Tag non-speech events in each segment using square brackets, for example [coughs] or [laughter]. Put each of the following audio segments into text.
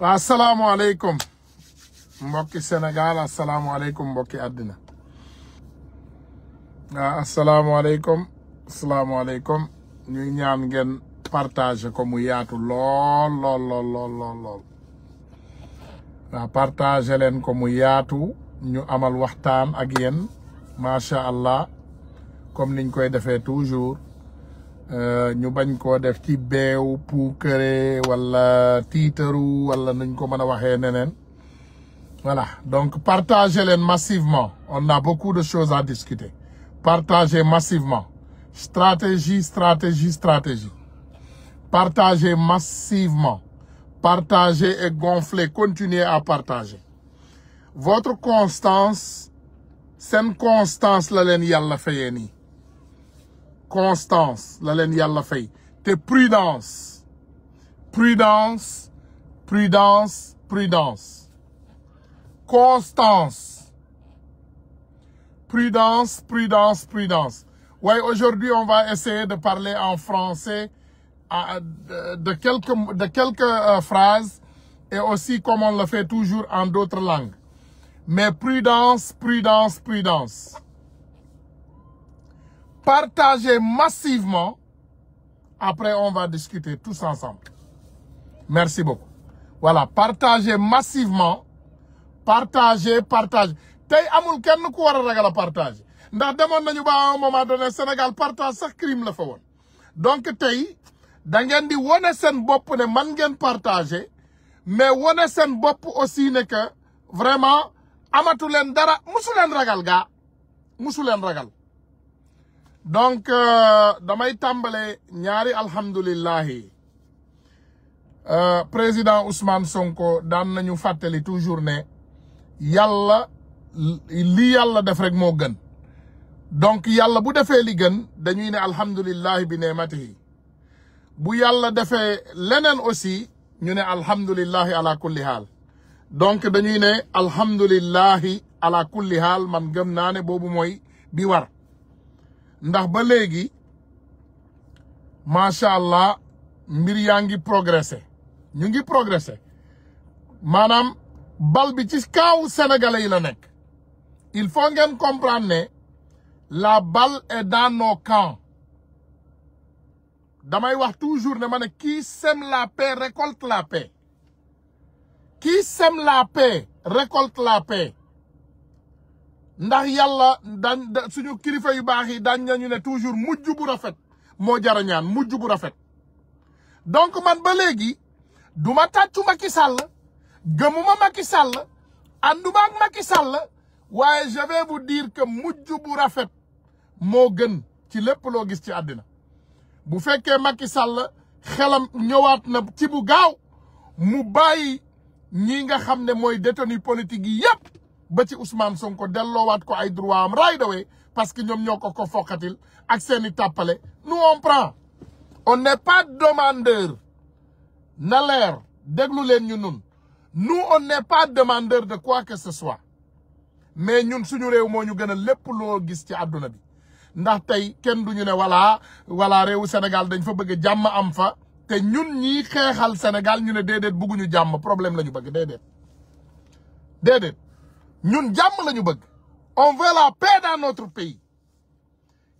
waa asalaamualeykum mbokki Sénégal asalaamualeykum mbokki àddina waaw ah, asalaamualeykum asalaamualeykum ñu ñaan ngeen partage ko mu yaatu lool lool lool lool ah, partage leen ko mu yaatu ñu amal waxtaan ak yéen macha allah comme niñ koy defee toujours Euh, ñu bañ koo def ci beew puukare walla tiitaru wala nuñ ko mën a waxee neneen voilà donc partagez leen massivement on a beaucoup de choses à discuter partagez massivement stratégie stratégie stratégie partagez massivement partagez et gonflez continuez à partager votre constance seen constance la leen yàlla fayee nii constance la leen yàlla fay te prudence prudence prudence prudence constance prudence prudence prudence waaye ouais, aujourd'hui on va essayer de parler en français de quelques de quelques euh, phrases et aussi comme on le fait toujours en d'autres langues mais prudence prudence prudence Partagez massivement. Après, on va discuter tous ensemble. Merci beaucoup. Voilà, partagez massivement. Partagez, partage tey amul kenn ku war a ragal a partager ndax demoon nañu ba à un moment donné Sénégal partage sax crime la fa woon donc tey da ngeen di wone seen bopp ne man ngeen partager mais wone seen bopp aussi ne que vraiment amatu leen dara musu ragal ga musu leen ragal donc euh, damay tàmbale ñaari alhamdulillahi euh, président Ousmane Sonko daan nañu fàttali toujours ne yàlla li yàlla def rek moo gën donc yàlla bu defee li gën dañuy ne alhamdulillahi bi neematihi bu yàlla defee leneen aussi ñu ne alhamdulillahi ala kulli haal donc dañuy ne alhamdulillahi ala kulli haal man gëm naa ne boobu mooy bi war ndax ba léegi macha allah mbir yaa ngi progressé ñu ngi progressé maanaam bal bi ci kaawu sénégalais yi la nekk il faut ngeen comprendre la balle est dans nos camps damay wax toujours ne ma ne kii sème la paix récolte la paix kii sème la paix récolte la paix ndax yàlla daan suñu kilifa yu baax yi daañ nañu ne toujours mujj bu rafet moo jarañaan mujj bu rafet donc man ba léegi du ma tàccu Macky sàll gëmuma Macky sàll ànduma ak Macky Sall waaye je bu diir këm mujj bu rafet moo gën ci lépp loo gis ci àddina bu fekkee Macky sàll xelam ñëwaat na ci bu gaaw mu bàyyi ñi nga xam ne mooy détenu politique yi yépp ba ci Ousmane Sonko delloowaat ko ay droit am right away parce que ñoom ñoo ko ko foqatil ak seen i tàppale nous on prend on n'est pas demandeur na leer déglu leen ñu nun nous on n'est pas demandeur de quoi que ce soit mais ñun suñu réew moo ñu gëna lépp loo gis ci àdduna bi ndax tey kenn du ñu ne voilà voilà réewu senegal dañ fa bëgg jàmm am fa te ñun ñiy xeexal Sénégal ñu ne déedéet bëgguñu jàmm problème la ñu bëgg déedéet déedéet ñun jàmm lañu bëgg on veut la paix dans notre pays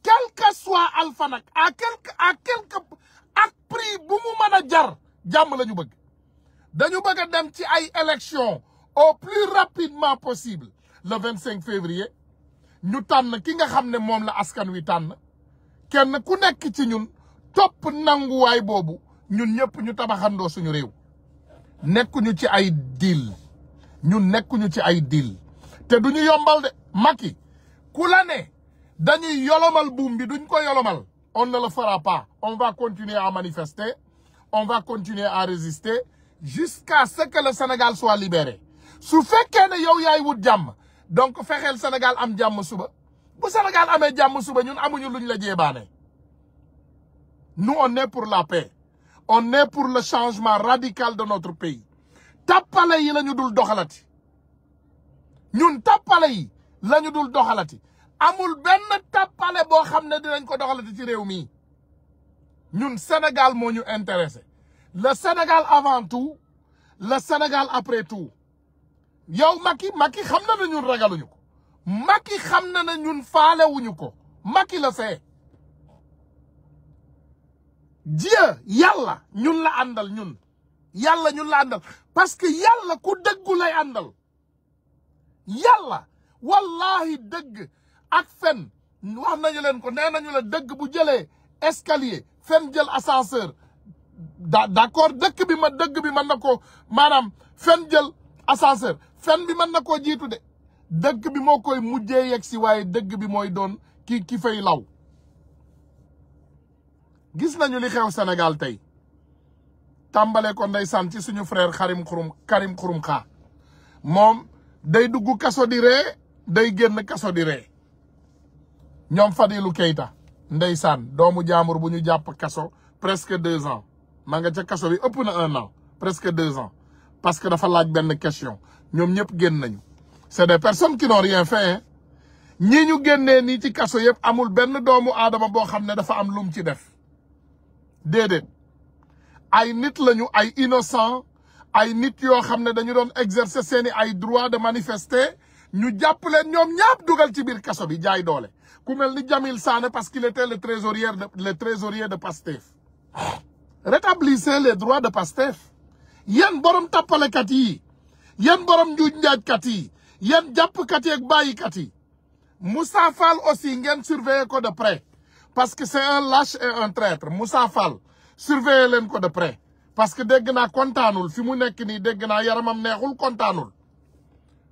quel que soit Alpha nag quelque ak prix bu mu mën a jar jàmm lañu bëgg dañu bëgg a dem ci ay élections au plus rapidement possible le vingt cinq février ñu tànn ki nga xam ne moom la askan wi tànn kenn ku nekk ci ñun topp nanguwaay boobu ñun ñëpp ñu tabaxandoo suñu réew nekkuñu ci ay deal ñun nekkuñu ci ay deal te du ñu yombal de Macky ku la ne dañuy yolomal buum bi duñ ko yolomal on ne le fera pas on va continuer à manifester on va continuer à résister jusqu'à ce que le Sénégal soit libéré su fekkee ne yow yaay wut jàmm donc fexeel Sénégal am jàmm suba bu Sénégal amee jàmm suba ñun amuñu luñ la jéebaane nous on est pour la paix on est pour le changement radical de notre pays tappale yi la ñu dul doxalati ñun tappale yi lañu dul doxalati amul benn tappale boo xam ne dinañ ko doxalati ci réew mi ñun Sénégal moo ñu intéressé le Sénégal avant tout le Sénégal après tout yow Macky Macky xam na ne ñun ragaluñu ko Macky xam na na ñun faalewuñu ko Macky la see Dieu yàlla ñun la àndal ñun yàlla ñun la àndal parce que yàlla ku dëggu lay àndal yàlla wallahi dëgg ak fen wax nañu leen ko nee nañu la dëgg bu jëlee escalier fen jël ascenseur da d'accord dëkk bi ma dëgg bi mën na ko maanaam fen jël ascenseur fen bi man na koo jiitu de dëgg bi moo koy mujjee yegg si waaye dëgg bi mooy doon ki ki fay law gis nañu li xew Sénégal tey tàmbale ko ndeysaan ci suñu frère xarim xurum karim xurum moom day dugg kaso di ree day génn kaso di ree ñoom Fadilou Keita ndeysaan doomu jaambur bu ñu jàpp kaso presque deux ans ma nga ca kaso bi ëpp na un an presque deux ans parce que dafa laaj benn question ñoom ñëpp génn nañu c'est des personnes qui n'ont rien fait ñi ñu génnee nii ci kaso yëpp amul benn doomu aadama boo xam ne dafa am lum ci def déedéet ay nit lañu ay innocent ay nit yoo xam ne dañu doon exercer seeni ay droit de manifester ñu jàpp leen ñoom ñaap dugal ci biir kaso bi jaay doole ku mel ni Jamil Sané parce qu'il était le trésorier de le trésorier de Pastef rétablissez les droits de Pastef yan borom tappalekat yi yan borom njuuj njaajkat yi yan jàppkat yi ak bàyyikat yi Moussa fal aussi ngeen surveiller ko de près parce que c'est un lâche et un traître Moussa Fall surveiller leen ko de près parce que dégg naa kontaanul fi mu nekk nii dégg naa yaramam neexul kontaanul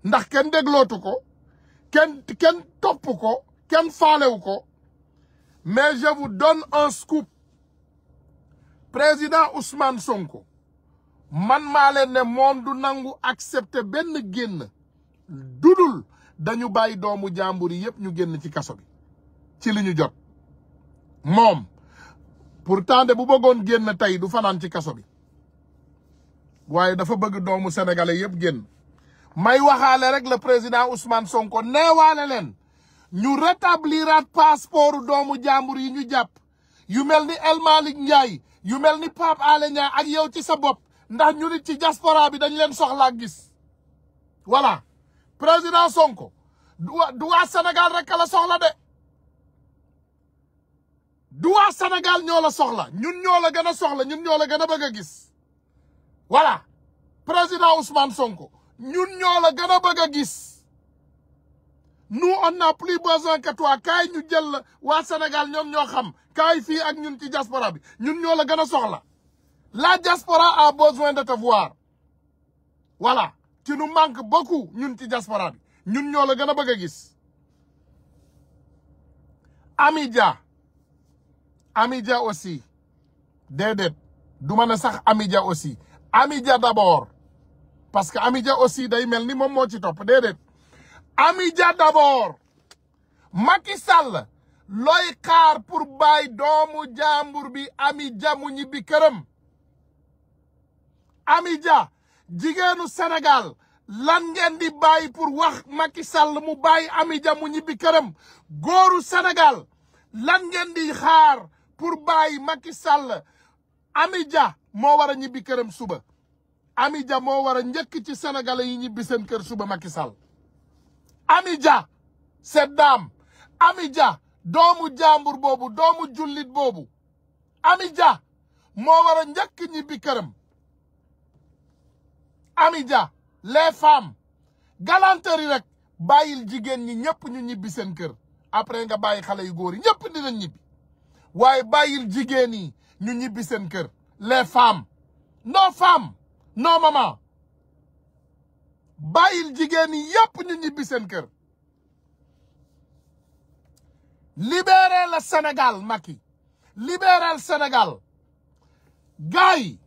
ndax kenn déglootu ko kenn kenn topp ko kenn faalewu ko mais je vous donne un scoop président Ousmane Sonko man maa leen ne moom du nangu accepter benn génn dudul dañu bàyyi doomu jàmbur yi yëpp ñu génn ci kaso bi ci li ñu jot moom pourtant de bu bëggoon génn tey du fanaan ci kaso bi waaye dafa bëgg doomu sénégalais yëpp génn may waxaale rek la président Ousmane Sonko neewaale leen ñu rétabliraat passeport doomu jàmbur yi ñu jàpp yu mel ni El Malick Ndiaye yu mel ni Pape Alé Niang ak yow ci sa bopp ndax ñu nit ci diaspora bi dañ leen soxlaa gis voilà président Sonko du waa Sénégal rek la soxla de du waa senegal ñoo la soxla ñun ñoo la gën a soxla ñun ñoo la gën a bëgg a gis voilà président Ousmane Sonko ñun ñoo la gën a bëgg a gis nous on n'a plus besoin que toi ñu jël la waa Sénégal ñoo xam kaay fii ak ñun ci diaspora bi ñun ñoo la gën a soxla la diaspora a besoin de te voir voilà tu nous manques beaucoup ñun ci diaspora ñun ñoo la gën a bëgg a gis Amidia Amidia aussi déedéet du ma ne sax Amidia aussi Amidia d'abord parce que ja aussi day mel ni moom moo ci topp déedéet Amidia d'abord Macky Sall looy xaar pour bàyyi doomu jàmbur bi Amidia mu ñibbi këram Amidia jigéenu Sénégal lan ngeen di bàyyi pour wax Macky Sall mu bàyyi Amidia mu ñibbi këram góoru senegal lan ngeen di xaar pour bàyyi Macky Ami moo war a ñibbi këram suba Ami Dia moo war a njëkk ci senegal yi ñibbi seen kër suba Macky Sall Ami Dia cette doomu jàmbur boobu doomu jullit boobu Ami moo war a njëkk ñibbi këram Ami Dia les femmes galanterie rek bàyyil jigéen ñi ñëpp ñu ñibbi seen kër après nga bàyyi xale yu góor yi ñëpp dinañ ñibbi waaye bàyyil jigéen yi ñu ñibbi seen kër les femmes non femmes non maman bàyyil jigéen yépp ñu ñibbi seen kër libérer le Sénégal Macky libérer le Sénégal gars yi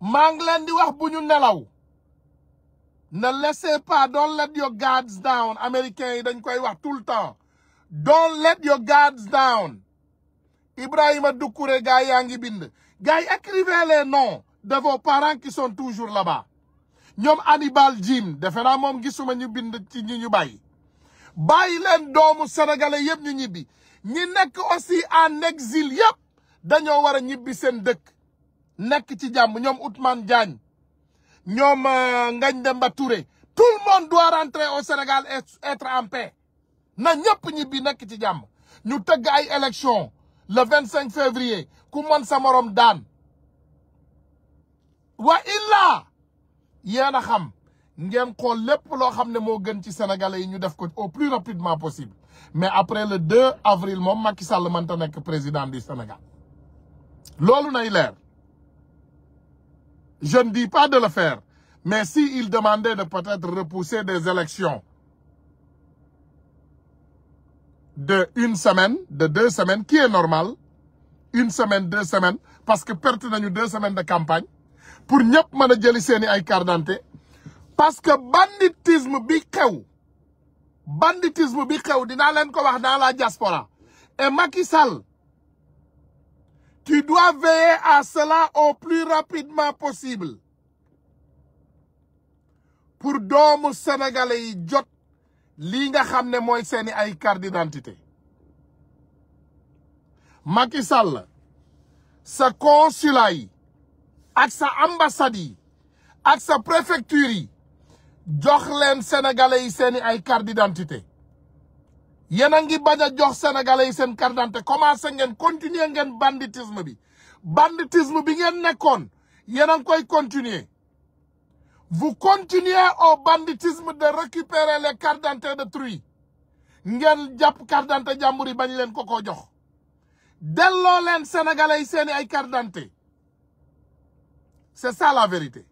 maa ngi leen di wax bu ñu nelaw ne laissez pas don't let yoo guards down américains yi dañ koy wax tout le temps don't let your guards down Ibrahima Doucouré gars yaa ngi bind gars yi écrivez les noms de vos parents qui sont toujours là-bas ñoom Hannibal Jim defe naa moom gisuma ñu bind ci ñu ñu bàyyi bàyyi leen doomu sénégalais yëpp ñu ñibbi ñi nekk aussi en exil yëpp dañoo war a ñibbi seen dëkk nekk ci jàmm ñoom Ousmane Diagne ñoom euh, Ngagne Demba Touré tout le doit rentrer au Sénégal et être en paix na ñëpp ñibbi nekk ci jàmm ñu tëgg ay élection le vingt cinq février ku mën sa morom daan wa illaa yéen a xam ngeen xool lépp loo xam ne moo gën ci sénégalais yi ñu def ko au plus rapidement possible mais après le 2 avril moom Macky Sall mënta nekk président du Sénégal loolu na leer je ne dis pas de le faire mais si il demandait de peut-être repousser des élections de une semaine de deux semaines qui est normal une semaine deux semaines parce que perte nañu de semaines de campagne pour ñëpp mën a jëli seeni ay carte d'identité parce que banditisme bi xew banditisme bi xew dinaa leen ko wax dans la diaspora et Macky Sall tu dois veiller à cela au plus rapidement possible pour doomu sénégalais yi jot lii nga xam ne mooy seeni ay carte d'identité Macky Sall sa consulat yi ak sa ambassade yi ak sa préfecture yi jox leen sénégalais yi seeni ay carte d'identité a ngi bañ a jox sénégalais yi seen carte d'identité commencé ngeen continuer ngeen banditisme bi banditisme bi ngeen nekkoon yéen a ngi koy continuer vous continuez au banditisme de récupérer les cartes de d'autrui ngeen jàpp carte d'identité jàmbur yi bañ leen ko ko jox delloo leen sénégalais yi seeni ay carte d'identité c'est ça la vérité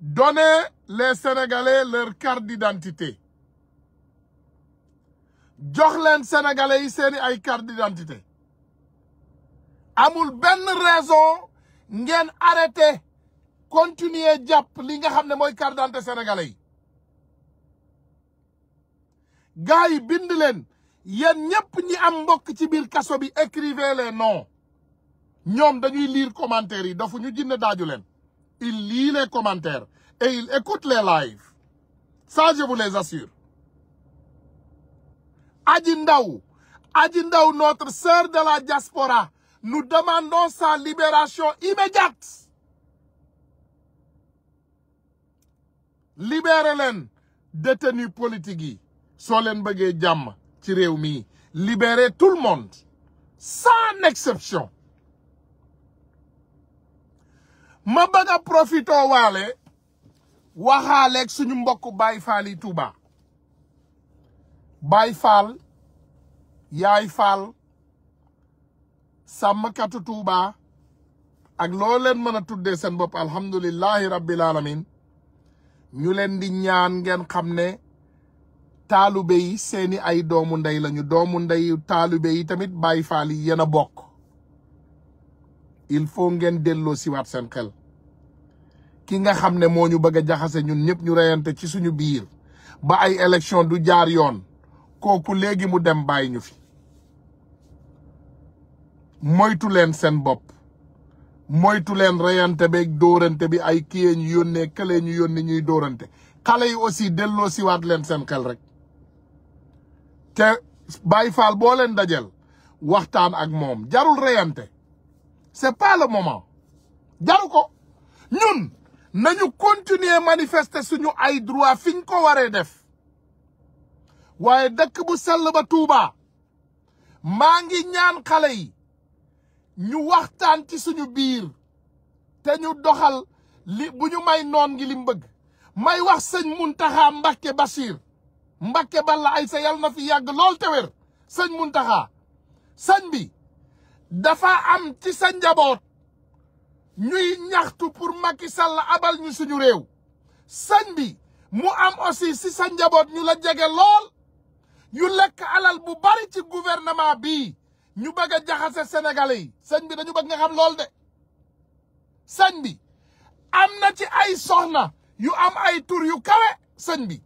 donnez les sénégalais leur carte d'identité jox leen sénégalais yi seeni ay carte d'identité amul benn raison ngeen arrêté continuer jàpp li nga xam ne mooy carte d'identité sénégalais yi gars yi bind leen yéen ñëpp ñi am mbokk ci biir kaso bi écrivez les noms ñoom dañuy liir commentaires yi dafu ñu jinne daaju leen il lit les commentaires et il écoute les lives ça je vous les assure Adji Ndao Adji Ndao notre sœur de la diaspora nous demandons sa libération immédiate libéré leen détenus politiques yi soo leen bëggee jàmm ci réew mi libere tout le monde sans exception ma bëgg a profito waale suñu mbokk bay Fall yi Touba Baye Fall Yaay Fall sàmmkatu Touba ak loo leen mën a tuddee seen bopp alhamdulillahi rabbil alamin ñu leen di ñaan ngeen xam ne taalibe yi seeni ay doomu ndey lañu doomu ndey taalibe yi tamit Baay Faal yi yéen a bokk il faut ngeen delloo siwaat seen xel ki nga xam ne moo ñu bëgg a jaxase ñun ñëpp ñu reyante ci suñu biir ba ay élection du jaar yoon kooku léegi mu dem bàyyi ñu fi moytu leen seen bopp moytu leen reyante beeg dóorante bi ay kiyee ñu yónnee këlee ñu yónni ñuy dóorante xale yi aussi delloo siwaat leen seen xel rek te Baay Faal boo leen dajel waxtaan ak moom jarul reyante c'est pas le moment jaru ko ñun nañu continuer manifeste suñu ay droit fiñ ko waree def waaye dëkk bu sell ba Tuuba maa ngi ñaan xale yi ñu waxtaan ci suñu biir te ñu doxal li bu ñu may noon ngi lim mbëgg may wax sëñ Muntaxa Mbàkke Bachir Mbàkke Balla Aysa yàlla na fi yàgg lool te wér sëñ Muntaxa sëñ bi dafa am ci sa njaboot ñuy ñaxtu pour Macky Sall abal ñu suñu réew sëñ bi mu am aussi si sa njaboot ñu la jege lool yu lekk alal bu bari ci gouvernement bi ñu bëgg a jaxase sénégalais yi sëñ bi dañu bëgg nga xam lool de sëñ bi am na ci ay soxna yu am ay tur yu kawe sëñ bi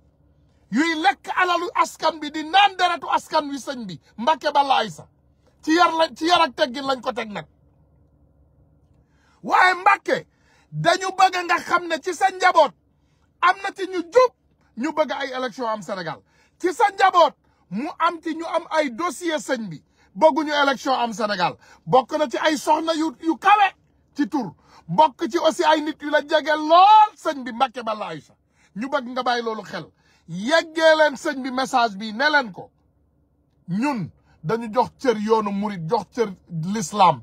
yuy lekk alalu askan bi di naan deretu askan wi sëñ bi Mbàkke Balla Aysa ci yar lañ ci yar ak teggin lañ ko teg nag waaye Mbàkke dañu bëgg nga xam ne ci sa njaboot am na ci ñu jub ñu bëgg ay élection am senegal ci sa njaboot mu am ci ñu am ay dossier sëñ bi bëgguñu élection am senegal bokk na ci ay soxna yu yu kawe ci tur bokk ci aussi ay nit yu la jege lool sëñ bi Mbacke Balla Aïcha ñu bëgg nga bàyyi loolu xel yeggee leen sëñ bi message bi ne leen ko ñun dañu jox cër yoonu murit jox cër l'islam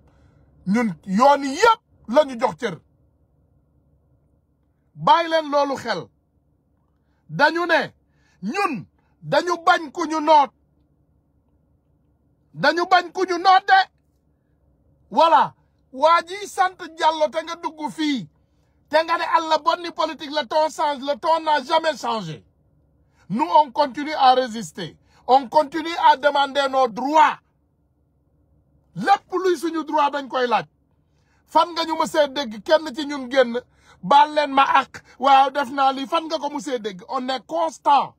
ñun yoon yëpp lañu jox cër bàyyi leen loolu xel dañu ne ñun dañu bañ ku ñu noot dañu bañ ku ñu noote voilà waa ji sant Diallo te nga dugg fii te nga ne Allah bonni politique le ton change le ton n'a jamais changé nous on continue à résister on continue à demander nos droits lépp luy suñu droit dañ koy laaj fan nga ñu mësee dégg kenn ci ñun génn baal leen ma ak waaw def naa lii fan nga ko mësee dégg on est constant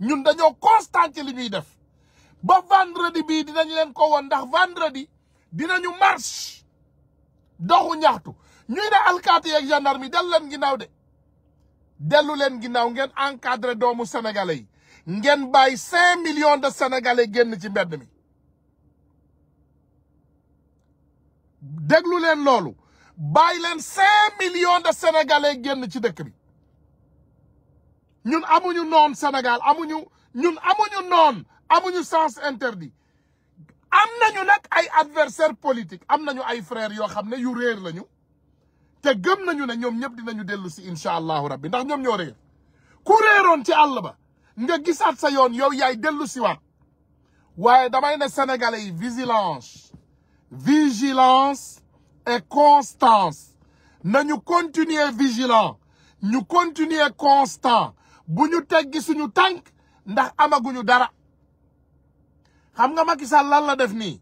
ñun dañoo constant ci li ñuy def ba vendredi bii dinañu leen ko woon ndax vendredi dinañu marche doxu ñaxtu ñuy ne alkaati yeeg gendarme yi dellu leen ginnaaw de dellu leen ginnaaw ngeen encadré doomu sénégalais yi ngeen bàyyi cinq millions de sénégalais génn ci mbedd mi déglu leen loolu bàyyi leen cinq de sénégalais génn ci dëkk bi ñun amuñu noon Sénégal amuñu ñun amuñu noon amuñu sens interdit am nañu nag ay adversaire politique am nañu ay frères yoo xam ne yu réer lañu te gëm nañu ne ñoom ñëpp dinañu dellu si incha allahu rabbi ndax ñoom ñoo réer ku réeroon ci àll ba nga gisaat sa yoon yow yaay dellu si waaye damay na sénégalais yi vigilance vigilance et constance nañu continuer vigilant ñu continuer constant bu ñu teggi suñu tànk ndax amaguñu dara xam nga Macky Sall lan la def nii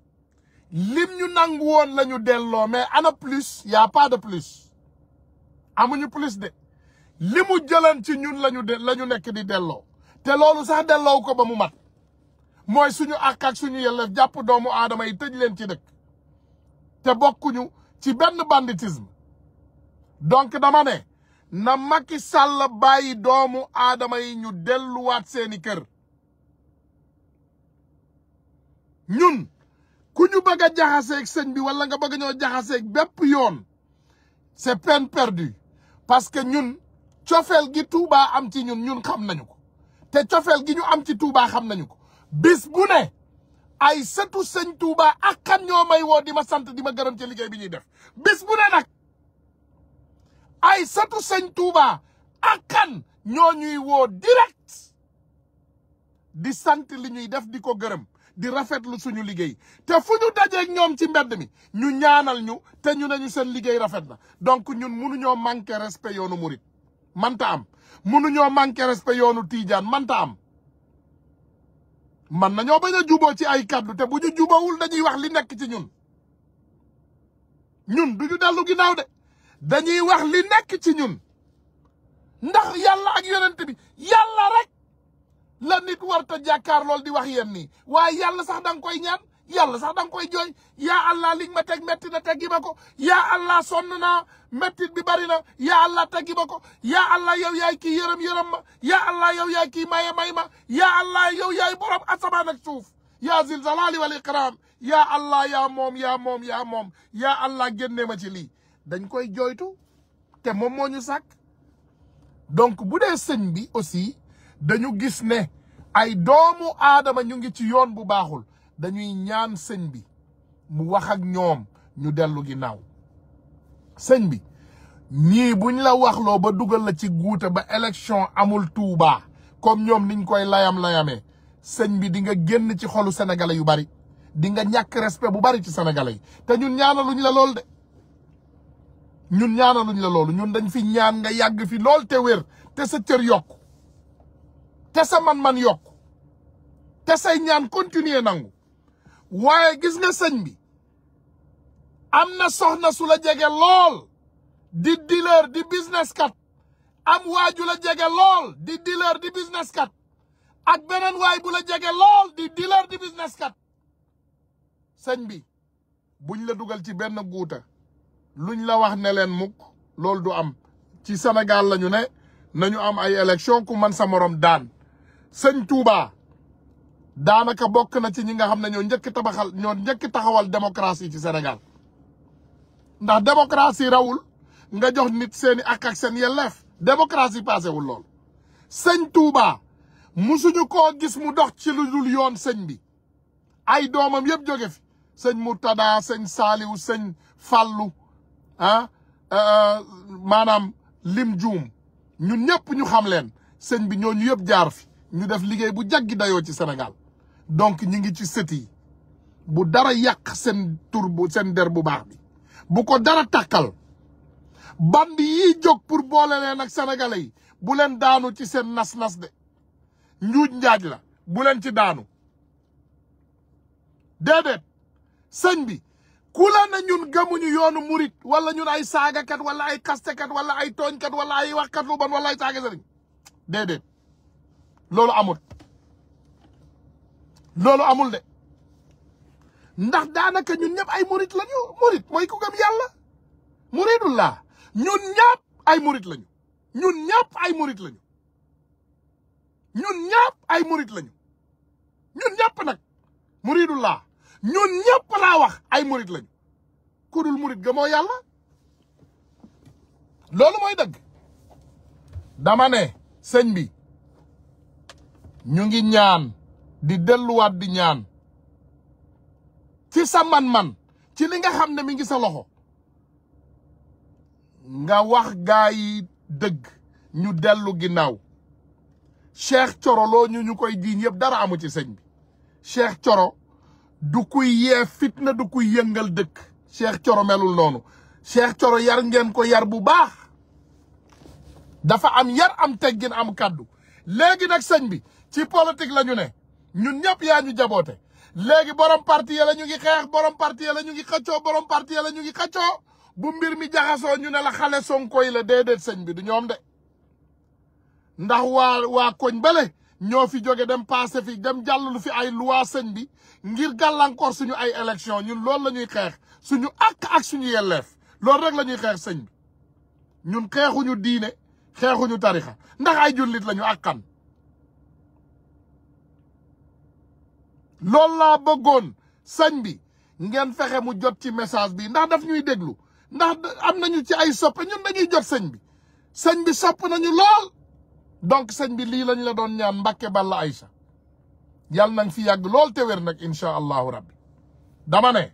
lim ñu nangu woon la delloo mais ana plus y a plus amuñu plus de li mu jëlan ci ñun lañu de la ñu nekk di delloo te loolu sax delloo ko ba mu mat mooy suñu àq suñu yelleef jàpp doomu aadama yi tëj leen ci dëkk te bokkuñu ci benn banditisme donc dama ne na Macky Sall bàyyi doomu aadama yi ñu delluwaat seeni kër ñun ku ñu bëgg a jaxaseeg sëñ bi wala nga bëgg ñoo jaxaseeg bépp yoon c'est peine perdue parce que ñun cofeel gi Touba am ci ñun ñun xam nañu ko te cofeel gi ñu am ci Touba xam nañu ko bis bu ne ay sëtu sëñ Touba ak kan ñoo may woo di ma sant di ma gërëm ci liggéey bi ñuy def bis bu ne nag ay sëtu sëñ Touba ak kan ñoo ñuy woo direct di sant li ñuy def di ko gërëm di rafetlu suñu liggéey te fu ñu dajeeg ñoom ci mbedd mi ñu ñaanal ñu te ñu ne ñu seen liggéey rafet na donc ñun mënuñoo manqué respect yoonu murit manta am mënuñoo manqué respect yoonu tiijaan manta am man nañoo bañ a juboo ci ay kàddu te bu ñu jubawul dañuy wax li nekk ci ñun ñun du ñu dellu ginnaaw de dañuy wax li nekk ci ñun ndax yàlla ak yonent bi yàlla rek lan nit warta jàkkaar lool di wax yenn nii waaye yàlla sax da koy ñaan yàlla sax da nga koy jooy yaa allah liñ ma teg metti na teggi ma ko yaa allah sonn naa mettit bi bari na yaa allah teggi ma ko yaa allah yow yaay kii yërëm yërëm ma yaa allah yow yaay kii maye may ma yaa allah yow yaay borom asamaan ak suuf yaa zil zalaali wal ikraam yaa allah yaa moom yaa moom yaa moom yaa allah génne ma ci lii dañ koy jooytu te moom moo ñu sàkk donc bu dee sëñ bi aussi dañu gis ne ay doomu aadama ñu ngi ci yoon bu baaxul dañuy ñaan sëñ bi mu wax ak ñoom ñu dellu ginnaaw sëñ bi ñii buñ la waxloo ba dugal la ci guute ba election amul tuubaa comme ñoom niñ koy layam layame sëñ bi dinga génn ci xolu sénégalais yu bari di nga ñàkk respect bu bari ci sénégalais yi te ñun ñaanaluñ la lool de ñun ñaanaluñ la loolu ñun dañ fi ñaan nga yàgg fi lool te wér te sa cër yokk te sa man-man yokk te say ñaan continuer nangu waaye gis nga sëñ bi am na soxna su la jege lool di dealer di business kat am waaju la jege lool di dealer di business kat ak beneen waay bu la jege lool di dealer di business kat sëñ bi buñ la dugal ci benn guuta luñ la wax ne leen mukk loolu du am ci Sénégal lañu ne nañu am ay élection ku man sa morom daan sëñ Touba daanaka bokk na ci ñi nga xam ne ñoo njëkk tabaxal ñoo njëkk taxawal démocratie ci Sénégal ndax démocratie rawul nga jox nit seeni ak ak seen yelleef démocratie paasewul lool sëñ Touba musuñu koo gis mu dox ci lu dul yoon sëñ bi ay doomam yëpp jóge fi sëñ Murtada sëñ Saaliw sëñ Fàllu ah eh, eh, maanaam lim juum ñun ñëpp ñu xam leen sëñ bi ñooñu yëpp jaar fi ñu def liggéey bu jaggi dayoo ci senegal donc ñu ngi ci sët yi bu dara yàq seen tur bu seen der bu baax bi bu ko dara tàkkal band yi jóg pour boole leen ak sénégalais yi bu leen daanu ci seen nas-nas de njuuj njaaj la bu leen ci daanu déedéet sëñ bi ku la na ñun gëmuñu yoonu murit wala ñun ay saagakat wala ay kastekat wala ay tooñkat wala ay waxkat lu bon walla ay saaga sëriñ déedéet loolu amul loolu amul de ndax daanaka ñun ñëpp ay murit lañu murit mooy ku gëm yàlla muridul laa ñun ñëpp ay murit lañu ñun ñëpp ay murit lañu ñun ñëpp ay murit lañu ñun ñëpp nag muridul laa ñun ñëpp laa wax ay murit lañu ku dul murit gëmoo yàlla loolu mooy dëgg damane ne sëñ bi ñu ngi ñaan di delluwaat di ñaan ci sa man-man ci li nga xam ne mi ngi sa loxo nga wax gaa yi dëgg ñu dellu ginnaaw Cheikh Coro loo ñu ñu koy jiiñ yëpp dara amu ci sëñ bi Cheikh Coro du kuy yee fitna du kuy yëngal dëkk Cheikh Coro melul noonu Cheikh Coro yar ngeen ko yar bu baax dafa am yar am teggin am kàddu léegi nag sëñ bi ci politique la ñu ne ñun ñëpp yaa ñu jaboote léegi borom parti ya la ñu ngi xeex borom parti ya la ñu ngi xëccoo borom parti la ñu ngi xëccoo bu mbir mi jaxasoo ñu ne la xale sonko yi la déedéet sëñ bi du ñoom de ndax waa waa koñ bale ñoo fi jóge dem passé fi dem jàllalu fi ay loi sëñ bi ngir gàllankoor suñu ay élection ñun lool lañuy xeex suñu àq ak suñu yelleef loolu rek la ñuy xeex sëñ bi ñun xeexuñu diine xeexuñu tarixa ndax ay jullit lañu ak kan loolu laa bëggoon sañ bi ngeen fexe mu jot ci message bi ndax daf ñuy déglu ndax am nañu ci ay soppe ñun dañuy jot sëñ bi sañ bi sopp nañu laal donc sëñ bi lii lañu la doon ñaan Mbàkke Balla Aïcha yal nañ fi yàgg lool te wér nag incha allahu rabbi dama ne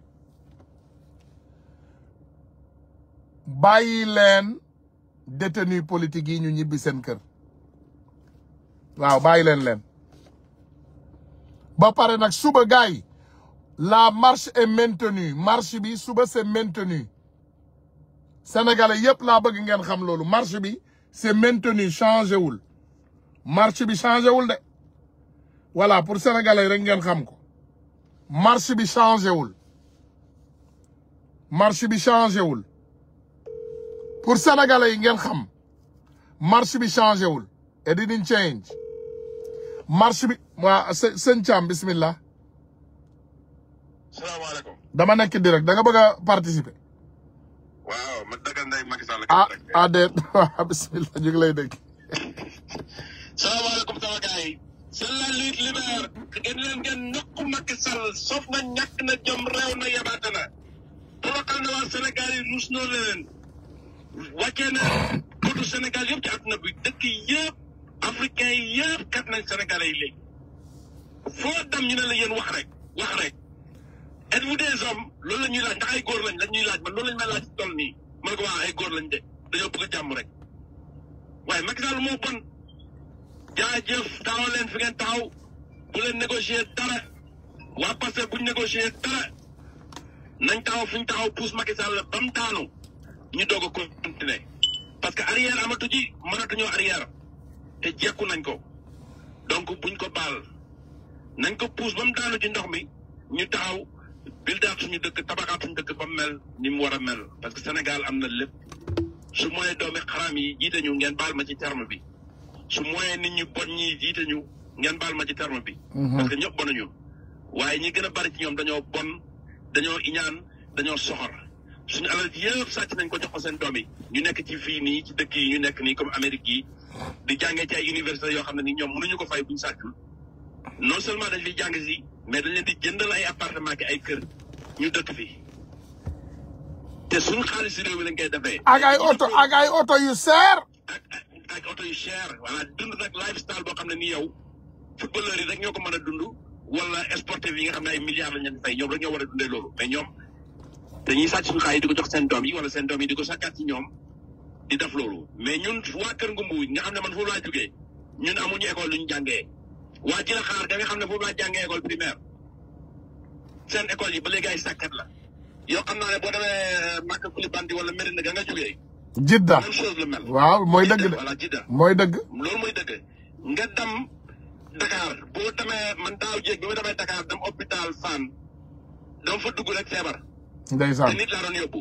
bàyyi leen détenu politique yi ñu ñibbi seen kër waaw bàyyi leen leen ba pare nag suba gars yi la marche est maintenue marche bi suba c'est maintenu sénégalais yëpp laa bëgg ngeen xam loolu marche bi c'est maintenu changé wul marche bi changé wul de voilà pour sénégalais rek ngeen xam ko marche bi changé wul marche bi changé wul pour sénégalais yi ngeen xam marche bi changé wul it change marche bi waa së sëñ Thiam bisimilah. salaamaaleykum. dama nekk di rek da nga bëgg a participer. waaw man dëggal ndey Macky Sall. ah ah déet [laughs] waaw bisimilah ñu ngi lay dégg. salaamaaleykum sama gars yi. c'est la lutte libère. ngeen leen ngeen ñokk Macky Sall soof na ñàkk na jom réew na yabaate na. toroxal na waa Sénégal yi ruus noonu la leen. wàccee na potu Sénégal yëpp ci àdduna bi dëkk yëpp africain yëpp kat nañ Sénégalais yi léegi. foo dem ñu ne la yéen wax rek wax rek êtes-vous des hommes loolu la ñuy laaj ndax ay góor lañ lañ ñuy laaj ba lool lañ may laaj ci nii man ko waa ay góor lañ de dañoo bëgg a jàmm rek waaye Macky Sall moo bon jaajëf taxaw leen fi ngeen taxaw bu leen négocier dara waa Pastef buñ négocier dara nañ taxaw fuñ taxaw puus Macky Sall la ba mu ñu doog ko continuer parce que arrière amatu ji mënatuñoo arrière te jekku nañ ko donc buñ ko baal nañ ko puus ba mu daanu ci ndox mi ñu taxaw bildaat suñu dëkk tabaxaat suñu dëkk ba mu mel ni mu war a mel parce que Sénégal am na lépp su mooyee doomi xaraam yi jiite ñu ngeen baal ma ci terme bi su mooyee nit ñu bon ñi jiite ñu ngeen ma ci terme bi. Mhm. parce que ñëpp bonuñu waaye ñi gën a bari ci ñoom dañoo bon dañoo iñaan dañoo soxor suñu alal ji yëpp sàcc nañ ko jox ko seen doom ñu nekk ci fii nii ci dëkk yi ñu nekk nii comme Amérique yi di jàngee ci ay université yoo xam ne ni ñoom mënuñu ko fay buñ sàccul. non seulement dañ fiy jàng si mais dañ leen di jëndal ay appartement ki ay kër ñu dëkk fi te suñu xaalis réew mi lañ koy defee. ak ay oto ak ay oto yu seer. ak ak oto yu seer voilà dund nag lifestyle boo xam ne nii yow footballeur yi rek ñoo ko mën a dund wala sportif yi nga xam ne ay milliards lañ leen fay ñoom rek ñoo war a dundee loolu mais ñoom dañuy sàcc suñu xaalis di ko jox seen doom yi wala seen yi di ko sàkkaat ci ñoom di loolu mais ñun waa Kër Ngumbu nga xam ne man foofu laa jugee ñun amuñu école lu ñu jàngee. waa la xaar da nga xam ne foofu laa jàngee école primaire seen école yi ba léegi ay sàkkat la yoo xam naa ne boo demee euh, Maka Kulibantang wala Medina ga nga jógee. jidda même waaw mooy dëgg de voilà mooy dëgg. loolu mooy dëgg nga dem Dakar boo demee man daaw jéeg bi ma demee Dakar dem hôpital Fann dama fa dugg rek feebar. ndeysaan te nit laa doon yóbbu.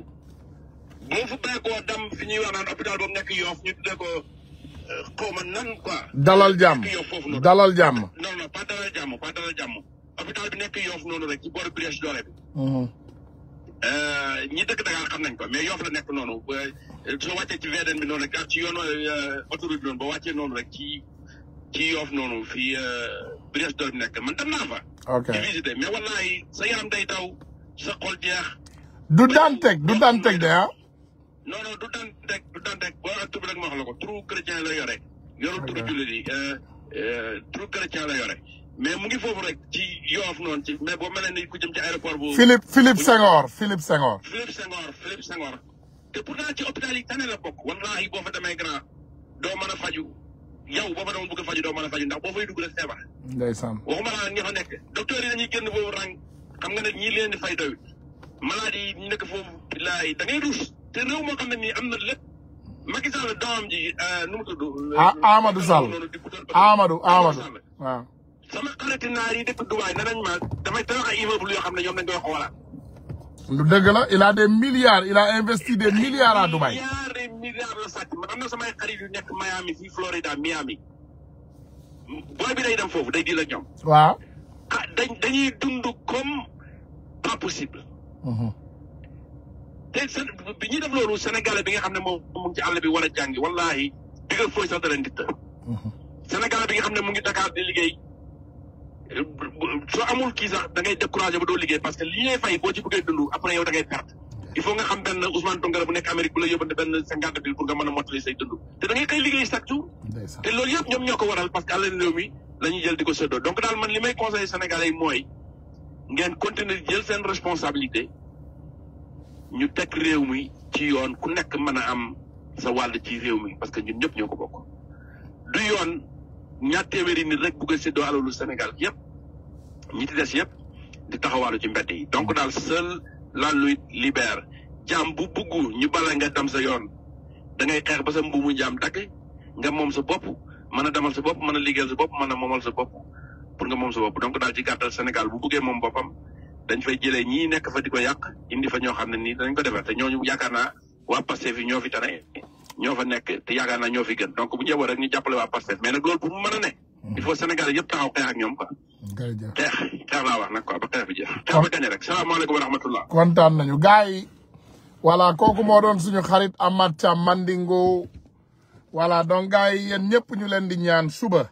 boo fa bàyyi koo dem fi ñuy wax naan hôpital boobu nekk Yoff ñu tuddee ko. xaw ma nan quoi. dalal jàmm dalal jàmm. non non pas dalal jàmm pas dalal jàmm. hôpital bi nekk Yoff noonu rek ci boru Brèche doole bi. Mhm. Euh, ñi dëkk Dakar xam nañ ko mais Yoff la nekk noonu soo wàccee ci VDN bi noonu ci yoonu euh, autoroute bi noonu ba wàccee noonu rek ci ci Yoff noonu fii euh, Brèche doole bi nekk man dem naa fa. ok di visité sa yaram day taw sa xol jeex. du daan teg du daan teg de ah. non non du dantek du boo ak tubi la ko trou chrétien la yore yorul turu jullit yi euh, euh, trou chrétien la yore mais mu ngi foofu rek ci yoof noonu ci mais boo mel ku jëm ci aéroport bu Philippe Philippe Senghor Philippe Senghor Philippe Senghor Philippe Senghor te ci hôpital yi tane la bokk wallaahi boo fa demee grand doo mën a faju yow boo fa demoon bëgg a doo mën a faju ndax boo fay dugg rek feebar ndeysaan waxuma laa ñi docteur yi dañuy génn rang xam nga ne ñii leen di fay doy maladie yi ñu nekk foofu bilaay da ngay te na moo xam ne nii am na lépp Macky Sall doomam ji euh, nu mu tudd. ah Amadou Sall Amadou Amadou waaw. naar yi dëkk Dubaay nee nañ ma dafay tabax ay immeuble yoo xam ne ñoom dañ koy xoolaat. lu dëgg la il a des milliards il a investi des milliards à Dubaï. milliards et milliards la sàcc am na samay xarit yu nekk Miami fii Florida Miami. booy bi day dem foofu day di la ñoom. waaw. ah dañuy dund comme pas possible. Mhm. te bi ñuy def loolu sénégalais bi nga xam ne moom mu ngi ci àll bi war a jàngi wallaahi digal fooy sax da leen di të. Mhm. bi nga xam ne mu ngi Dakar di liggéey soo amul kii sax da ngay découragé ba doo liggéey parce que li ñuy fay boo ci bëggee dund après nga xam benn Ousmane Tounkara bu nekk Amérique bu la yóbbante benn cinquante mille pour nga mën a mottali say dund. te da ngay liggéey chaque te loolu yëpp ñoom ñoo ko waral parce que àll ne mi la ñuy jël di ko séddoo donc daal man li may conseillé mooy ngeen continuer jël seen responsabilité ñu teg réew mi ci yoon ku nekk mën a am sa wàll ci réew mi parce que ñun ñëpp ñoo ko bokk du yoon ñaar téeméeri nit rek bugg a séddoo alalu Sénégal yëpp ñi ci des yëpp di taxawaalu ci mbedd yi donc daal seul lal lutte libère jaam bu bugg ñu bala nga dem sa yoon da ngay xeex ba sa mbuumu jaam dakk nga moom sa bopp mën a demal sa bopp mën a liggéeyal sa bopp mën a moomal sa bopp pour nga moom sa bopp donc daal ci gàttal Sénégal bu buggee moom boppam dañ fay jëlee ñii nekk fa di yàq indi fa ñoo xam ne nii dañ ko defar te ñooñu yaakaar naa waa Pastef yi ñoo fi tane ñoo fa nekk te yaakaar naa ñoo fi gën donc bu ñu yeboo rek ñu jàppale waa Pastef mais nag loolu bu mu mën a ne. Hmm. il faut Sénégal yëpp taxaw xeex ak ñoom quoi. jërëjëf xeex xeex laa wax nag quoi ba xeex bi jeex. xeex ba gañe rek salaamaaleykum kooku moo doon suñu xarit Amath Thiam Mandingo voilà donc gars yen yéen ñëpp ñu leen di ñaan suba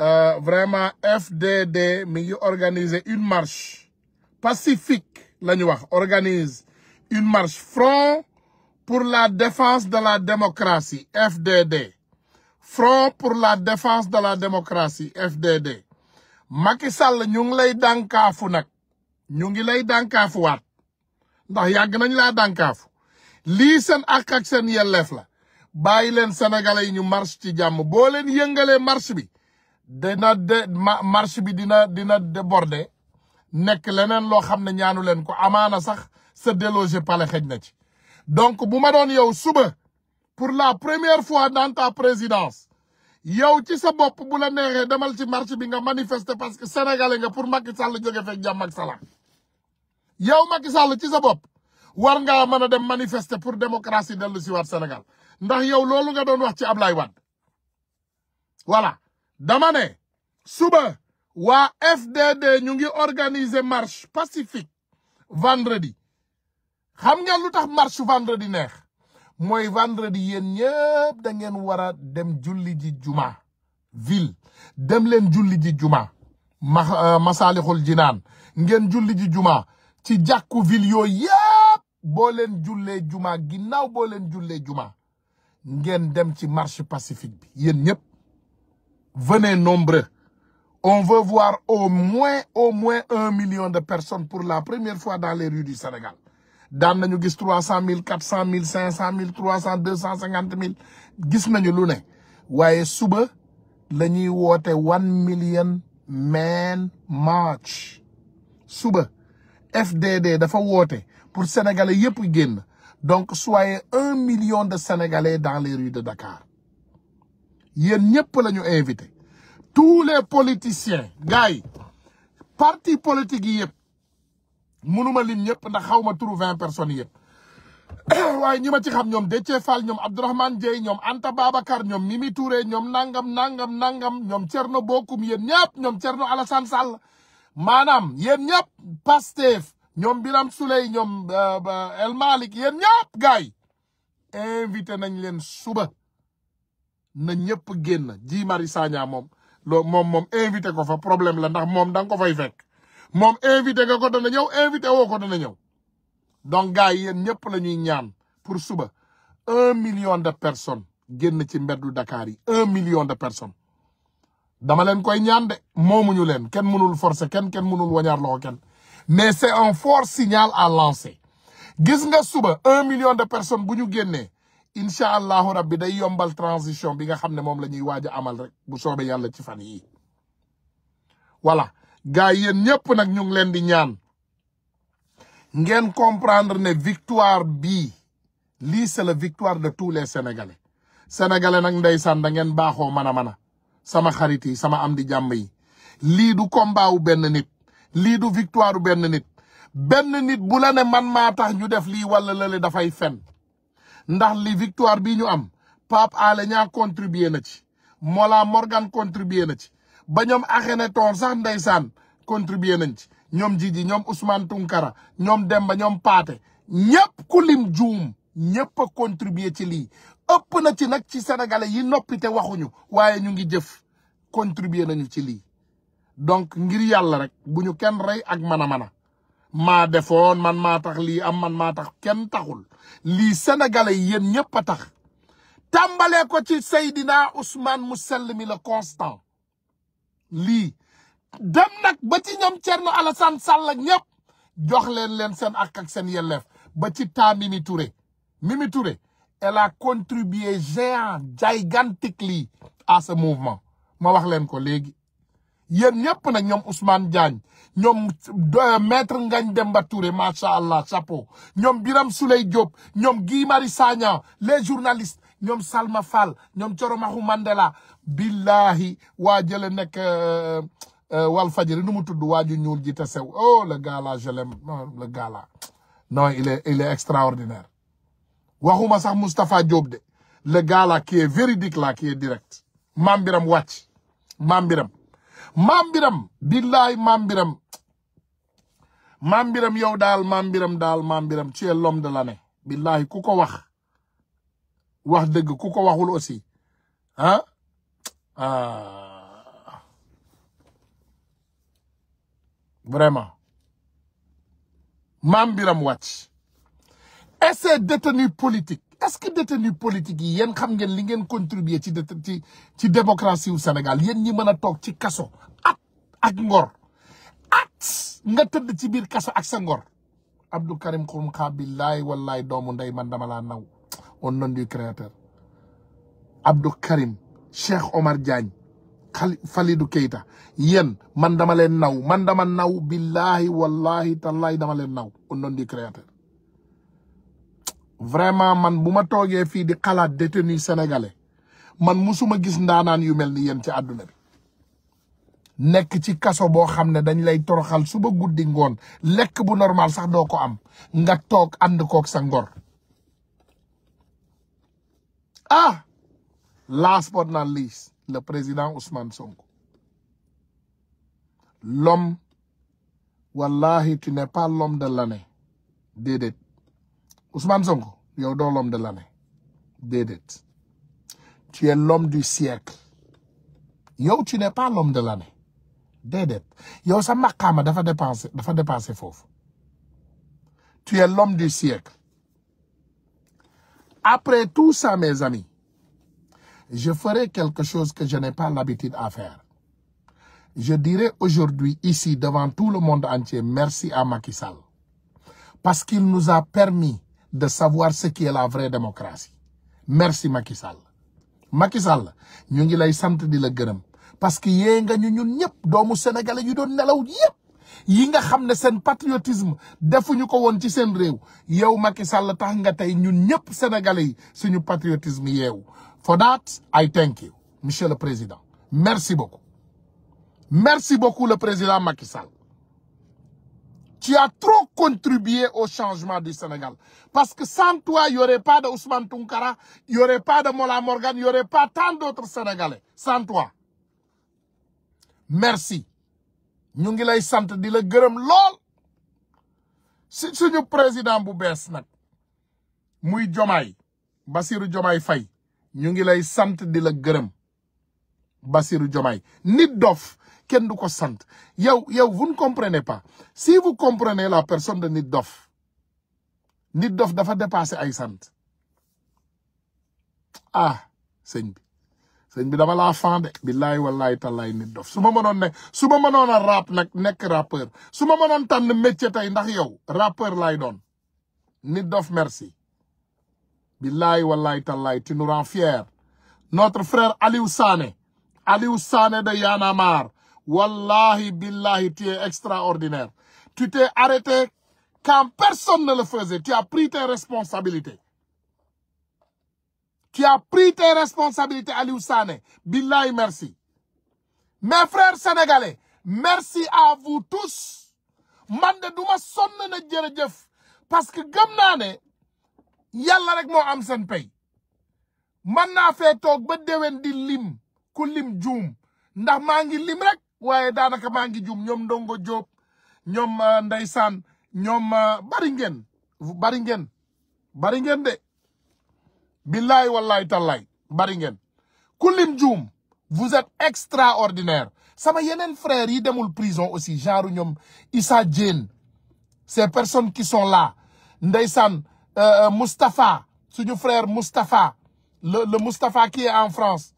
euh, vraiment FDD mi ngi organiser une marche pacifique la ñu wax organise une marche front pour la defense de la démocratie FDD front pour la défense de la démocratie FDD Macky Sall ñu ngi lay dànkaafu nag ñu ngi lay dànkaafuwaat ndax yàgg nañ laa dànkaafu lii seen ak ak seen yelleef la bàyyi leen sénégalais yi ñu marche ci jàmm boo leen yëngalee marche bi dina de marche bi dina dina déborder nekk leneen loo xam ne ñaanu leen ko amaana sax sa déloger pale xëj na ci donc bu ma doon yow suba pour la première fois dans présidence yow ci sa bopp bu la neexee demal ci marché bi nga manifester parce que sénégalais nga pour Macky Sall jóge fekk jàmm ak salaam yow Macky Sall ci sa bopp war nga mën a dem manifester pour démocratie dellu si waat Sénégal ndax yow loolu nga doon wax ci Ablaye Wade voilà dama suba waa FDD ñu ngi organiser marche pacifique vendredi xam ngeen lu tax marche vendredi neex mooy vendredi yéen ñëpp da ngeen war a dem julli ji juma ville dem leen julli ji juma ma euh, masaalixul jinaan ngeen julli ji juma ci jàkku ville yooyu yëpp boo leen jullee juma ginnaaw boo leen jullee juma ngeen dem ci marche pacifique bi yéen ñëpp venez nombre On veut voir au moins, au moins un million de personnes pour la première fois dans les rues du Sénégal. daan nañu gis trois cent mille quatre cent mille cinq cent mille trois cent deux cent cinquante mille gis nañu lu ne waaye suba la ñuy woote one million man march suba FDD dafa woote pour sénégalais yëpp génn donc soyez un million de sénégalais dans les rues de Dakar yéen ñëpp la ñu invité tous les politiciens gars yi parti politique yi yëpp mënuma lim ñëpp ndax xaw ma turu vingt personnes yëpp [coughs] waaye ñi ma ci xam ñoom Déthié Fall ñoom Abdourahmane Dieye ñoom Anta Babacar ñoom Mimi Touré ñoom nangam nangam nangam ñoom Thierno Bocoum yéen ñëpp ñoom Thierno Alassane Sall maanaam yéen ñëpp Pastef ñoom Birame Souley ñoom euh, El Malick yéen ñëpp gars yi invité nañ leen suba na ñëpp génn ji Mari Sagna moom loo moom moom invité ko fa problème la ndax moom da ko fay fekk moom invité nga ko na ñëw invité woo ko na ñëw donc gars yi yéen ñëpp la ñuy ñaan pour suba un million de personnes génn ci mbeddu Dakar yi un million de personnes dama leen koy ñaan de moomuñu leen kenn mënul forcer kenn kenn mënul wañaar loxo kenn mais c'est un fort signal à lancé gis nga suba un million de personnes bu ñu génnee incha allahu rabbi day yombal transition bi nga xam ne moom la ñuy waaj amal rek bu soobee yàlla ci fan yii voilà gars yi yéen ñëpp nag ñu ngi leen di ñaan ngeen comprendre ne victoire bii li c'est la victoire de tous les sénégalais sénégalais nag ndeysaan da ngeen baaxoo mën a mën a sama xarit yi sama am di jàmm yi lii du combat wu benn nit lii du victoire benn nit benn nit bu la ne man maa tax ñu def lii wala le dafay fen ndax li victoire bi ñu am Pape Alé Niang contribuer na ci Mola Morgan contribuer na ci ba ñoom Akhenaton sax ndeysaan contribuer nañ ci ñoom Jiji ñoom Ousmane Tunkara ñoom Demba ñoom Paate ñëpp ku lim juum ñëpp a contribuer ci lii ëpp na ci nag ci sénégalais yi noppi te waxuñu waaye ñu ngi jëf contribuer nañu ci lii donc ngir yàlla rek bu ñu kenn rey ak mana mana ma defoon man maa tax lii am man maa tax kenn taxul lii sénégalais yéen ñëpp a tax tàmbalee ko ci Seydina Ousmane mu sell mi la constant lii dem nag ba ci ñoom Thierno Alassane Sall ak ñëpp jox leen leen seen ak ak seen yelleef ba ci taa Mimi Touré Mimi Touré elle a contribué géant gigantically à ce mouvement ma wax leen ko léegi yéen ñëpp nag ñoom Ousmane Diagne ñoom euh, maître Ngagne Demba Touré macha allah chapeau ñoom Biram Souley Diop ñoom gii Marius Sagna les journalistes ñoom Salma Fall ñoom Coromaxu Mandela billahi waa jële nekk euh, euh, Walf Fadjri nu mu tudd waa ju ñuul ji sew oh le gars là je l'aime non le gars extraordinaire waxuma sax Moustapha Diop de le gars là qui est véridique direct maam Biram wàcc maam Biram maam biram billaay maam biram maam biram yow daal maam biram daal maam biram tu es l'homme de l'année ku ko wax wax dëgg ku ko waxul aussi ah ah vraiment maam biram wàcc et ces détenus est-ce que détenu politique yi yéen xam ngeen li ngeen contribuer ci ci ci démocratie wu Sénégal yéen ñi mën a toog ci kaso at ak ngor at nga tëdd ci biir kaso ak sa ngor Abdou Karim Xrum Xax billaay wallaay doomu ndey man dama laa naw au nom du créateur Abdou Karim Cheikh Omar Diagne xali Falidou Keita yéen man dama leen naw man dama naw billahi wallahi tallahi dama leen naw au nom du créateur vraiment man bu ma toogee fii di xalaat détenu sénégalais man musuma gis ndaanaan yu mel ni yéen ci àdduna bi nekk ci kaso boo xam ne dañ lay toroxal suba guddi ngoon lekk bu normal sax doo ko am nga toog ànd koog sa ngor ah last but not least le président Ousmane Sonko lom wallahi tu n'es pas l'homme de l'année déedéet Ousmane Sonko yow doo l'homme de l'année déedéet tu es l'homme du siècle yow tu n'es pas l'homme de l'année déedéet yow sa maqaama dafa dépassé dafa dépassé foofu tu es l'homme du siècle après tout ça mes amis je ferai quelque chose que je n'ai pas l'habitude à faire je dirai aujourd'hui ici devant tout le monde entier merci à Macky Sall parce qu'il nous a permis de savoir ce qui est la vraie démocratie merci Macky Sall Macky Sall ñu ngi lay sant di la gërëm parce que yée nga ñu ñun ñëpp doomu sénégalais yu doon nelaw yëpp yi nga xam ne seen patriotisme defuñu ko woon ci seen réew yow Macky Sall tax nga tey ñun ñëpp sénégalais yi suñu patriotisme yeewu for that I thank you monsieur le président merci beaucoup merci beaucoup le président Macky Sall Tu as trop contribué au changement du Sénégal. Parce que sans toi, il n'y aurait pas de Ousmane Tunkara, il pas de Mola Morgan, il n'y aurait pas tant d'autres Sénégalais. Sans Merci. ñu ngi lay sant di la gërëm lool si suñu président bu bees nag muy Jomaay Basiru Jomaay Fay ñu ngi lay sant di la gërëm Basiru Jomaay nit dof kenn du ko sant yow yow vous ne comprenez pas si vous comprenez la personne de nit dof nit dof dafa dépasser ay sant ah sëñ bi sëñ bi dama laa fande billaay wallaay tallaay nit dof su ma mënoon ne su ma mënoon a rap nag nekk rappeur su ma mënoon tànn métier tey ndax yow rappeur laay doon nit dof merci billaay wallaay tallaay tu nous rends fiers notre frère Aliou Sané Aliou Sané de Yanamar wallahi billahi tu es extraordinaire tu t'es arrêté quand personne ne le faisait tu as pris tes responsabilités tu as pris tes responsabilités Aliou Sané billahi merci mes frères merci à vous tous man de du ma sonn na jërëjëf parce que gëm naa ne yàlla rek moo am seen pay man naa fee toog ba déwén di lim ku lim juum ndax maa ngi lim rek waaye daanaka maa ngi jum ñoom dongo Diop ñoom uh, ndeysaan ñoom uh, bari ngeen bari ngeen bari ngeen de billaay wallaay tallaay bari ngeen ku lim juum vous êtes sama yeneen frères yi demul prison aussi genre ñoom Issa Diène ces personnes qui sont là ndeysaan uh, Moustapha suñu frère Moustapha le le Moustapha qui en France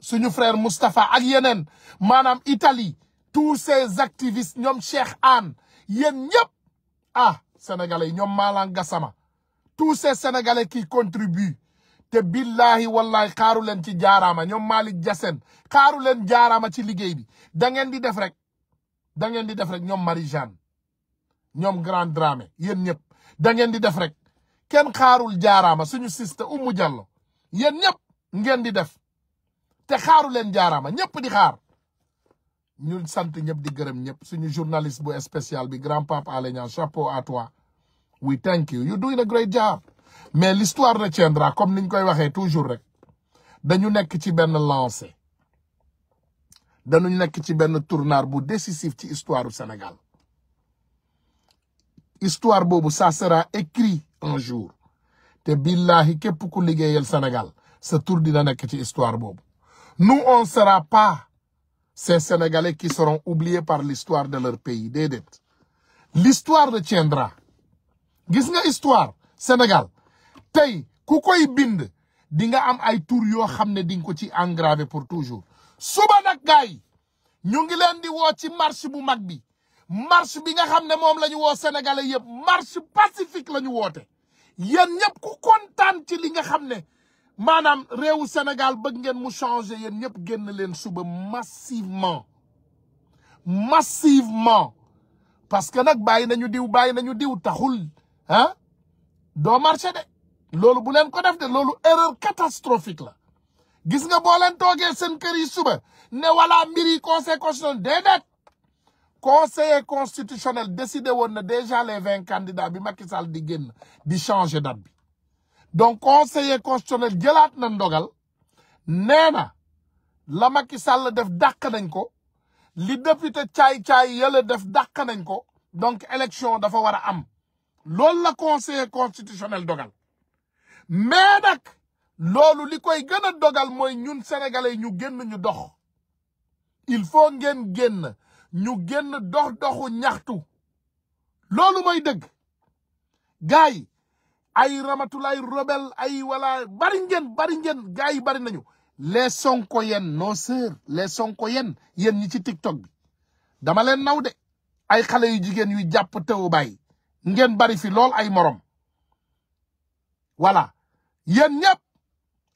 suñu frère Moustapha ak yeneen maanaam itali tous ces activistes ñoom Cheikh Anne yéen ñëpp ah sénégalais ñoom Malang Gassama tous ces sénégalais qui contribuent te billahi wallahi xaaru leen ci jaaraama ñoom Malick Diassène xaaru leen jaaraama ci liggéey bi dangeen di def rek da ngeen di def rek ñoom Marie Jeanne ñoom Grand Dramé yéen ñëpp da ngeen di def rek kenn xaarul jaaraama suñu siste Oumou Diallo yéen ñëpp ngeen di def te xaaru leen jaaraama ñëpp di xaar ñun sant ñëpp di gërëm ñëpp suñu journaliste bu spécial bi grand pape Alé Niang chapeau à toi we thank yu you doing a great job mais l'histoire retiendra comme niñ koy waxee toujours rek dañu nekk ci benn lancé dañu nekk ci benn tournant bu décisif ci histoire du Sénégal histoire boobu ça sera écrit un jour te billahi képp ku liggéeyal Sénégal sa tur dina nekk ci histoire boobu nu on ne sera pas ces Sénégalais qui seront par l'histoire de leur dé déedéet l'histoire retiendra gis nga histoire Sénégal tey ku koy bind di nga am ay tur yoo xam ne di nga ko ci engravé pour toujours suba nag gars yi ñu ngi leen di woo ci marche bu mag bi marche bi nga xam ne moom la ñu woo Sénégalais yëpp marche pacifique la ñu woote yéen ñëpp ku kontaan ci li nga xam ne maanaam réewu Sénégal bëgg ngeen mu changer yéen ñëpp génn leen suba massivement massivement parce que nag bàyyi nañu diw bàyyi nañu diw taxul ah doo marché de loolu bu leen ko def de loolu erreur catastrophique la gis nga boo toogee seen kër yi suba ne wala mbir yi conseil constitutionnel déedéet conseiller constitutionnel décidé woon na déjà les vingt candidats bi Macky Sall di génn di changer date bi donc conseiller constitutionnel jëlaat na ndogal nee na la Macky sàll def dàq nañ ko li député caay-caay yële def dàq nañ ko donc élection dafa war a am loolu la conseiller constitutionnel dogal mais nag loolu li koy gën a dogal mooy ñun sénégalais ñu génn ñu dox il faut ngeen génn ñu génn dox doxu ñaxtu loolu mooy dëgg gars yi ay Ramatulaay rebelle ay wala bari ngeen bari ngeen gars yi bari nañu les sonko yen non sœur les sonko yen yéen ñi ci tiktok bi dama leen naw de ay xale yu jigéen yu jàpp teewu bàyyi ngeen bari fi lool ay morom voilà yéen ñëpp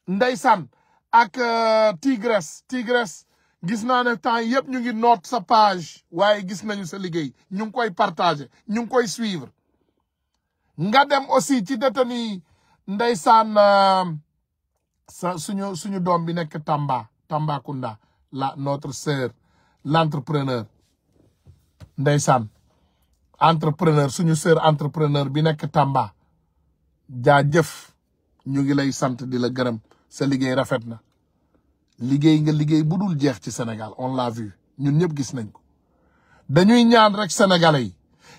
ndeysaan ak euh, tigresse tigresse gis naa ne temps yëpp ñu ngi noot sa page waaye gis nañu sa liggéey ñu ngi koy partager ñu ngi koy suivre nga dem aussi ci détenu yi ndeysaan euh, sa suñu suñu doom bi nekk Tamba Tambacounda la notre sœur l'entrepreneur ndeysaan entrepreneur suñu sœur entrepreneur bi nekk Tamba jëf ñu ngi lay sant di la gërëm sa liggéey rafet na liggéey nga liggéey bu dul jeex ci Sénégal on l'a vu ñun ñëpp gis nañ ko dañuy ñaan rek sénégalais yi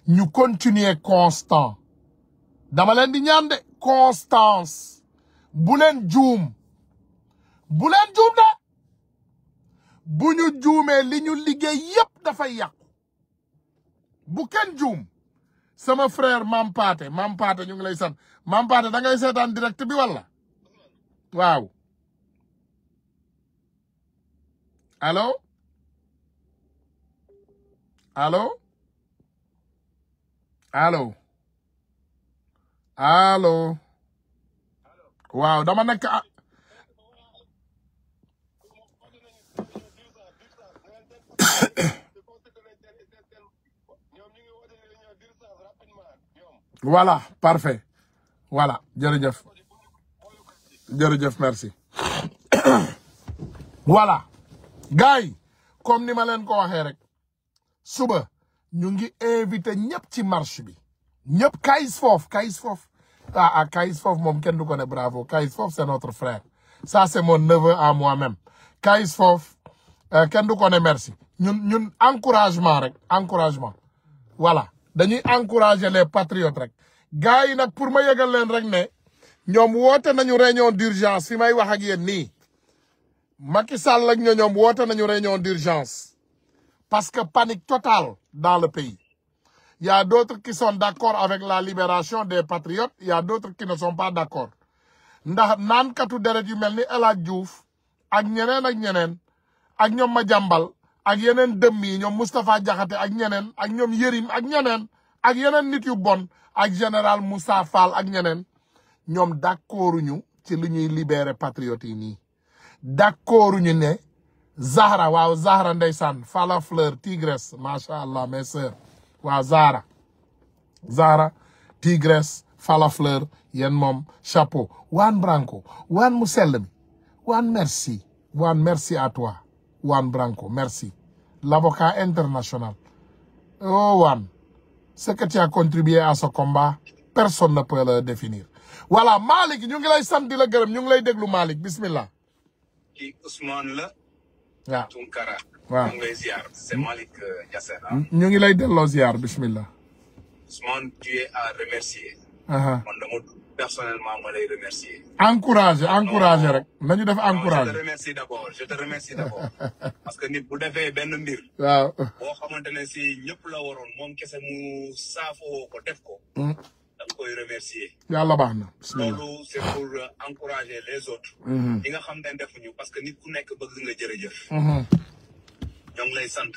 ñu continuer constant dama leen di ñaan de constance bu leen juum bu leen juum de bu ñu juumee li ñu liggéey yépp dafay yàqu bu kenn juum sama frère Mam Paate Mam Paate ñu ngi lay sant Mam Paate da ngay seetaan direct bi walla waaw allo allo allo alo waaw dama nekk a voilà parfait voilà jërëjëf jërëjëf merci [coughs] voilà gars yi comme ni ma leen ko waxee rek suba ñu ngi invité ñëpp ci marche bi ñëpp kayis foofu kayis foofu ah ah Kayz Fof moom kenn du ko ne bravo Kayz Fof c'est notre frère ça c'est mon neveu à moi-même Kayz Fof euh, kenn du ko ne merci ñun ñun encouragement rek encouragement voilà dañuy encourager les patriotes rek gars yi nag pour ma yëgal leen rek ne ñoom woote nañu réunion d'urgence fi may wax ak yéen nii Macky Sall ak ñoom woote nañu réunion d'urgence parce que panique totale dans le pays ya y a d'autres qui sont d'accord avec la libération des patriotes. Il y a d'autres qui pas d'accord. ndax naankatu deret yu mel ni El Hadj ak ñeneen ak ñeneen ak ñoom Madiambal ak yeneen dëmm yi ñoom Moustapha Diakhaté ak ñeneen ak ñoom Yérim ak ñeneen ak yeneen nit yu bon ak général Moussa fal ak ñeneen ñoom d'accorduñu ci lu ñuy libérer patriotes yi nii d'accorduñu ne Zahra waaw Zahra ndeysaan Fala Fleur Tigresse macha allah mes waa Zara Zara Tigresse Falla Fleur yéen moom chapeau Juan Branco Juan mu sell mi Juan merci Juan à toi Juan Branco merci l'avocat international oh Juan ce que tu as contribué à ce combat personne ne peut le définir voilà Malick ngi lay la gërëm ñu ngi lay déglu Malick bismillah kii waaw Tunkara. waaw ñu ngi lay ziar c'est hmm? Malick euh, Yasser. Ah. Hmm? ñu ngi lay delloo ziar bismillah. Ousmane tu es à remercier. man dama personnellement ma lay remercier. encouragé rek. nañu def encouragé je te remercie d'abord je te remercie d'abord. [laughs] parce que nit bu defee benn mbir. waaw boo xamante ne si ñëpp la waroon moom kese mu saafoo ko def ko. Hmm? danga koy remercier. yàlla baax na bismillah loolu c'est pour euh, encourager les autres. Mm-hmm. ñi nga xam ne defuñu parce que nit ku nekk bëgg nga jërëjëf. Mm-hmm. ñoo ngi lay sant.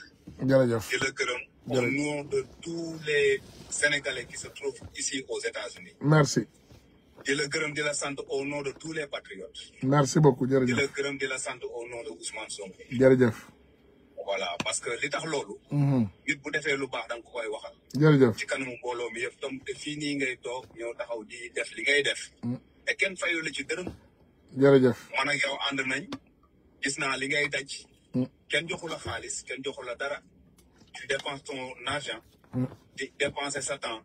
jërëjëf di la gërëm. au nom de tous les Sénégalais qui se trouvent ici aux États-Unis merci. di la gërëm di la sant au nom de tous les patriotes. merci beaucoup jërëjëf di la la sant au nom de Ousmane Sonko. jërëjëf. voilà parce que li tax loolu. Mhm. nit bu defee lu baax da nga ko koy waxal. jërëjëf ci kanamu mbooloo mi yëpp tam te fii nii ngay toog ñëw taxaw di def li ngay def. Mhm. te kenn fayoo la ci dërëm. jërëjëf man ak yow ànd nañ gis naa li ngay daj. Mhm. kenn joxu la xaalis kenn joxu la dara. tu dépenses ton di dépenser sa temps.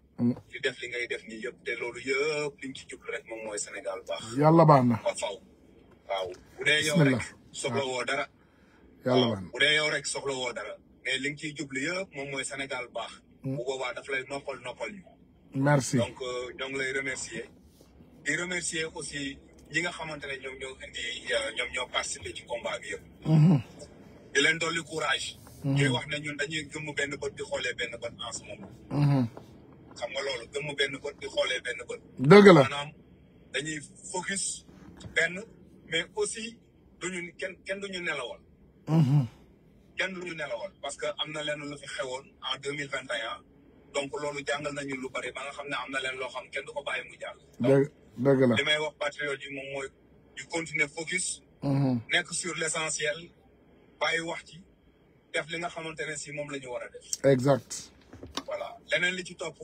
di def li ngay def nii yëpp te loolu yëpp liñ ci jublu rek moom mooy Sénégal baax. yàlla baax na waaw. waaw bu dee rek soxla woo dara. yàlla baax yow rek soxla woo dara mais li nga ciy jublu yëpp moom mooy Sénégal baax. Hmm. bu boobaa daf lay noppal noppal ñu. merci donc ñoo euh, ngi lay remercier. di remercier aussi ñi nga xamante ne ñoom ñoo indi ñoom ñoo participé ci combat bi yëpp. Hmm. di leen dolli courage. Hmm. ñuy wax ne ñun dañuy gëmm benn bët di xoolee benn bët en ce moment. xam nga loolu gëmm benn bët di xoolee benn bët. dëgg la maanaam dañuy focus benn mais aussi duñu kenn kenn duñu nelawal. Mm-hmm. kenn du ñu nelawal parce que am na leen lu fi xewoon en deux mille vingt et un donc loolu jàngal nañu lu bari ba nga xam ne am na leen loo xam kenn du ko bàyyi mu jàll. dëgg dëgg la li may wax patriote yi moom mooy di continuer focus. Mm-hmm. nekk sur l' essentiel bàyyi wax ci def li nga xamante ne si moom la ñu war a def. exact. voilà leneen li ci topp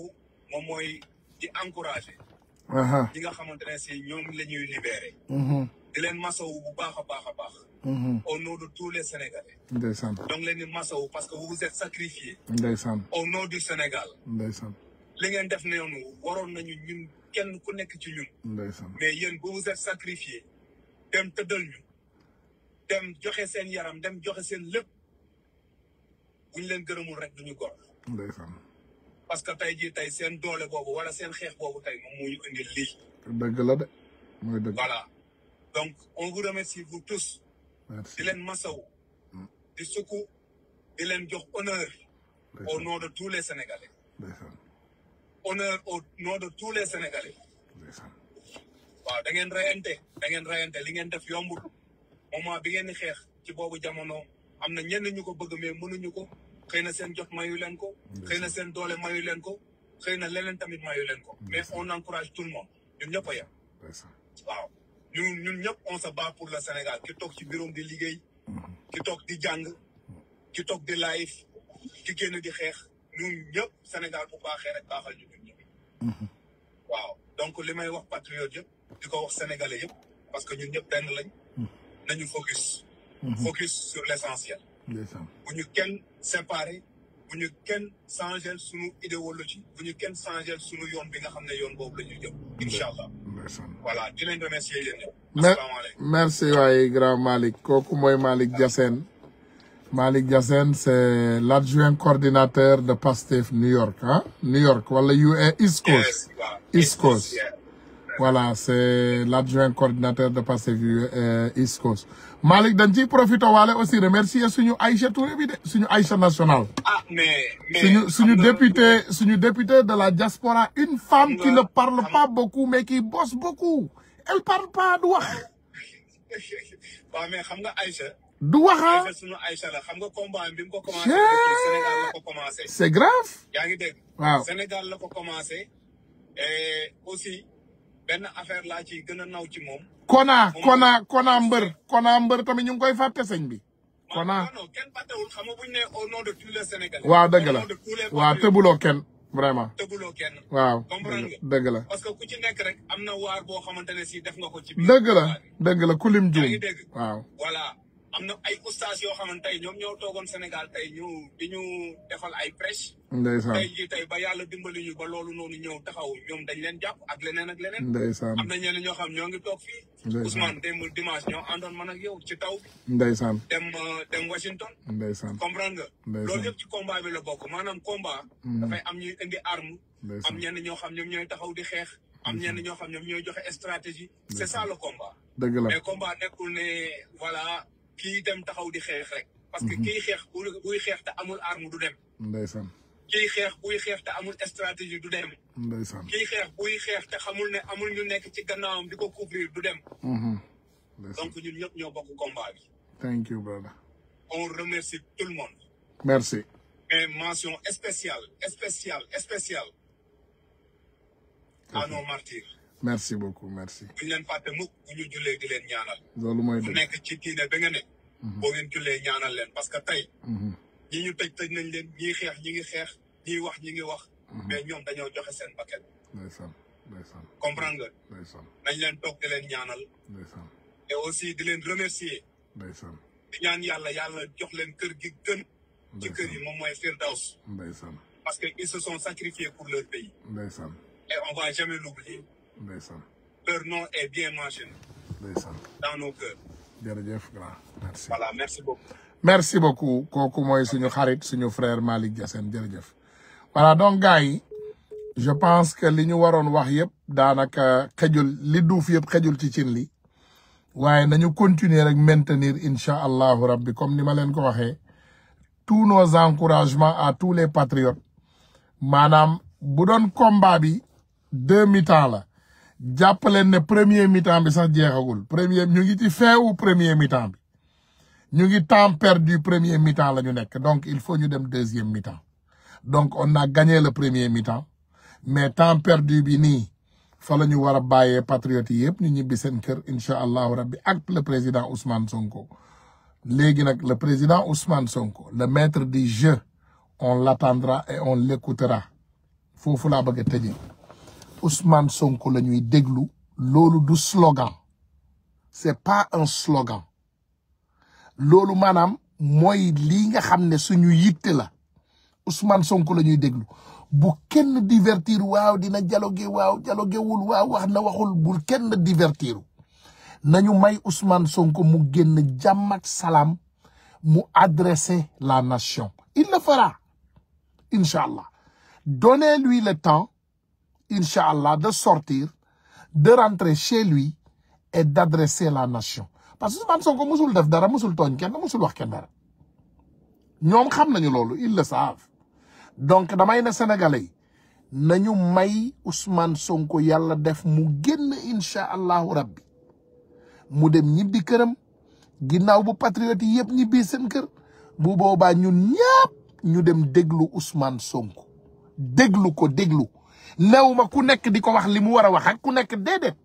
moom mooy di encourager. Uh-huh. ñi nga xamante ne si ñoom la ñuy libéré. Mm-hmm. di leen masawu bu baax a baax a baax. Mhm. au nom de tous les Sénégalais. ndeysaan donc leen di masawu parce que vous vous êtes sacrifié. ndeysaan au nom du Sénégal. ndeysaan li ngeen def noonu waroon nañu ñun kenn ku nekk ci ñun. ndeysaan mais yéen vous vous êtes sacrifié dem tëddal ñu joxe seen yaram dem joxe seen lépp bu leen gërëmul rek duñu gor. ndeysaan parce que tey jii tey seen doole boobu wala seen xeex boobu tey moom moo ñu indil de mooy donc on vous remercie vous tous. di leen masaw. di sukku di leen jox honneur. au nom de tous les Sénégalais. honneur au nom de tous les Sénégalais. waaw da ngeen rayante da ngeen rayante li ngeen def yombul moment bi ngeen di xeex ci boobu jamono am na ñenn ñu ko bëgg mais mënuñu ko xëy na seen jot mayu leen ko. xëy na seen doole mayu leen ko xëy na leneen tamit mayu leen ko. mais on encourage tout le monde ñun ñun ñun ñëpp on se bat pour le Sénégal ki toog ci bureau di liggéey ki toog di jàng ki toog di live ki génn di xeex ñun ñëpp Sénégal bu baaxee rek baaxal ñun ñëpp waaw donc li may wax patriote yëpp di ko wax sénégalais yëpp parce que ñun ñëpp benn lañ nañu focus focus sur l'essentiel bu ñu kenn séparé bu ñu kenn changé sunu idéologie bu ñu kenn changé sunu yoon bi nga xam ne yoon boobu la ñuy jëm allah voilà dinañ doon essayé yéen ñëpp. asalaamaaleykum merci waay grand kooku mooy Malick Diassène. Malick Diassène c'est l'adjoint coordinateur de PASTEF New York ah New York wala UA e, East Coast. East Coast voilà c'est l'adjoint coordinateur de PASTEF e, East Coast. Malick dañ ciy profité wale aussi remercier suñu Aïcha Touré bi de suñu Aïcha nationale. Ah, mais suñu suñu suñu député de la diaspora une femme qui ne parle pas beaucoup mais qui bosse beaucoup elle parle pas du wax. [laughs] waaw xam nga Aïcha. du waxa ah. suñu Aïcha la xam nga combat bi mu ko commencé. Sénégal la ko commencé. c'est grave. yaa ngi Sénégal la ko commencé. aussi benn affaire laa ci gën a naw ci moom. Kona Kona Kona mbër Kona mbër tamit ñu ngi koy fàtte sëñ bi. Kona waaw dëgg la waaw tëbuloo kenn vraiment. waaw dëgg la dëgg la dëgg la kulim juum waaw. am na ay ustaas yoo xamante ne ñoom ñoo toogoon Sénégal tey ñu di ñu ay prêche ndeysaan tey ba yàlla dimbali ñu ba loolu noonu ñëw taxaw ñoom dañ leen jàpp ak leneen ak leneen. ndeysaan am na ñeneen ñoo xam ñoo ngi toog fii. ndeysaan Ousmane dimanche ñoo àndoon man ak yow ci taw. ndeysaan dem euh, dem Washington. ndeysaan comprendre nga. ndeysaan loolu yëpp maanaam combat. Mm. dafay am ñuy indi arme. ñoo xam ñoom ñooy taxaw di xeex. am ñenn ñoo xam ñoom ñooy joxe stratégie. c'est ça le combat. dëgg la mais combat nekkul ne voilà kii dem taxaw di xeex rek. parce que mm-hmm. kii xeex buy xeex te amul arme du dem. ndeysaan kiy xeex buy xeex te amul stratégie du dem. ndeysaan kiy xeex buy xeex te xamul ne amul ñu nekk ci gannaawam di ko couvrir du dem. Mm-hmm. donc ñu ñëpp ñoo bokk combat bi. thank you brother. on remercie tout le monde. merci. mais mention spéciale spéciale spéciale. à nos martyrs. beaucoup merci. bu ñu leen fàtte bu ñu jullee di leen ñaanal. loolu mooy dëgg ku nekk ci diine ba nga ne. Mm-hmm. boo ngeen jullee ñaanal leen parce que tey. Mm-hmm. ñi ñu tëj tañ nañ leen ñiy xeex ñi ngi xeex ñiy wax ñi ngi wax. Mhm. mais ñoom dañoo joxe seen bakkan. ndeysaan ndeysaan. comprendre nga. ndeysaan nañ leen toog di leen ñaanal. ndeysaan aussi di leen remercier. ndeysaan di ñaan yàlla yàlla jox leen kër gi gën. ci kër yi moom mooy Firdaws. parce que ils se sont sacrifiés pour leur pays. ndeysaan et on va jamais l'oublier. ndeysaan leur nom est bien mentionné. ndeysaan dans nos cœurs. jërëjëf grand merci. voilà merci beaucoup kooku mooy suñu xarit suñu frère Malick Diassène jërëjëf voilà donc gars yi je pense que li ñu waroon wax yëpp daanaka xejul li duuf yëpp xejul ci cin li waaye nañu continuer rek maintenir incha allahu rabbi comme ni ma leen ko waxee tous nos encouragements à tous les patriotes maanaam bu doon combat bi deux mi-temps la jàpp ne premier mi-temps bi sax jeexagul premier ñu ngi ci feewu premier mi bi ñu ngi temps perdu premier mi-temps la ñu nekk donc il faut ñu dem deuxième mi donc on na gagné le premier mi-temps mais temps perdu bi nii fa la ñu war a bàyyee patriotes yëpp ñu ñibbi seen kër incha allahu rabbi ak le président Ousmane Sonko léegi nag le président Ousmane Sonko le maître du jeu on l'attendra et on l'écoutera foofu la bëgg a tëjee Ousmane Sonko lañu ñuy déglu loolu du slogan c'est pas un slogan loolu maanaam mooy lii nga xam ne suñu yitte la Ousmane Sonko la ñuy déglu bu kenn divertir waaw dina dialogué waaw dialogué wul waaw wax na waxul bu kenn divertiru nañu may Ousmane Sonko mu génn jàmm ak salaam mu adresser la nation il le fera incha allah donnez-lui le temps incha allah de sortir de rentrer chez lui et d'adresser la nation parce que Ousmane Sonko musul def dara musul tooñ kenn musul wax kenn dara ñoom xam nañu loolu ils le donc damay na sénégalais nañu may Ousmane Sonko yàlla def mu génn incha allahu rabbi mu dem ñibbi këram ginnaaw bu patriote yi yëpp ñibbi seen kër bu boobaa ñun ñëpp ñu dem déglu Ousmane Sonko déglu ko déglu néew ma ku nekk di ko wax li mu war a wax ak ku nekk déedéet.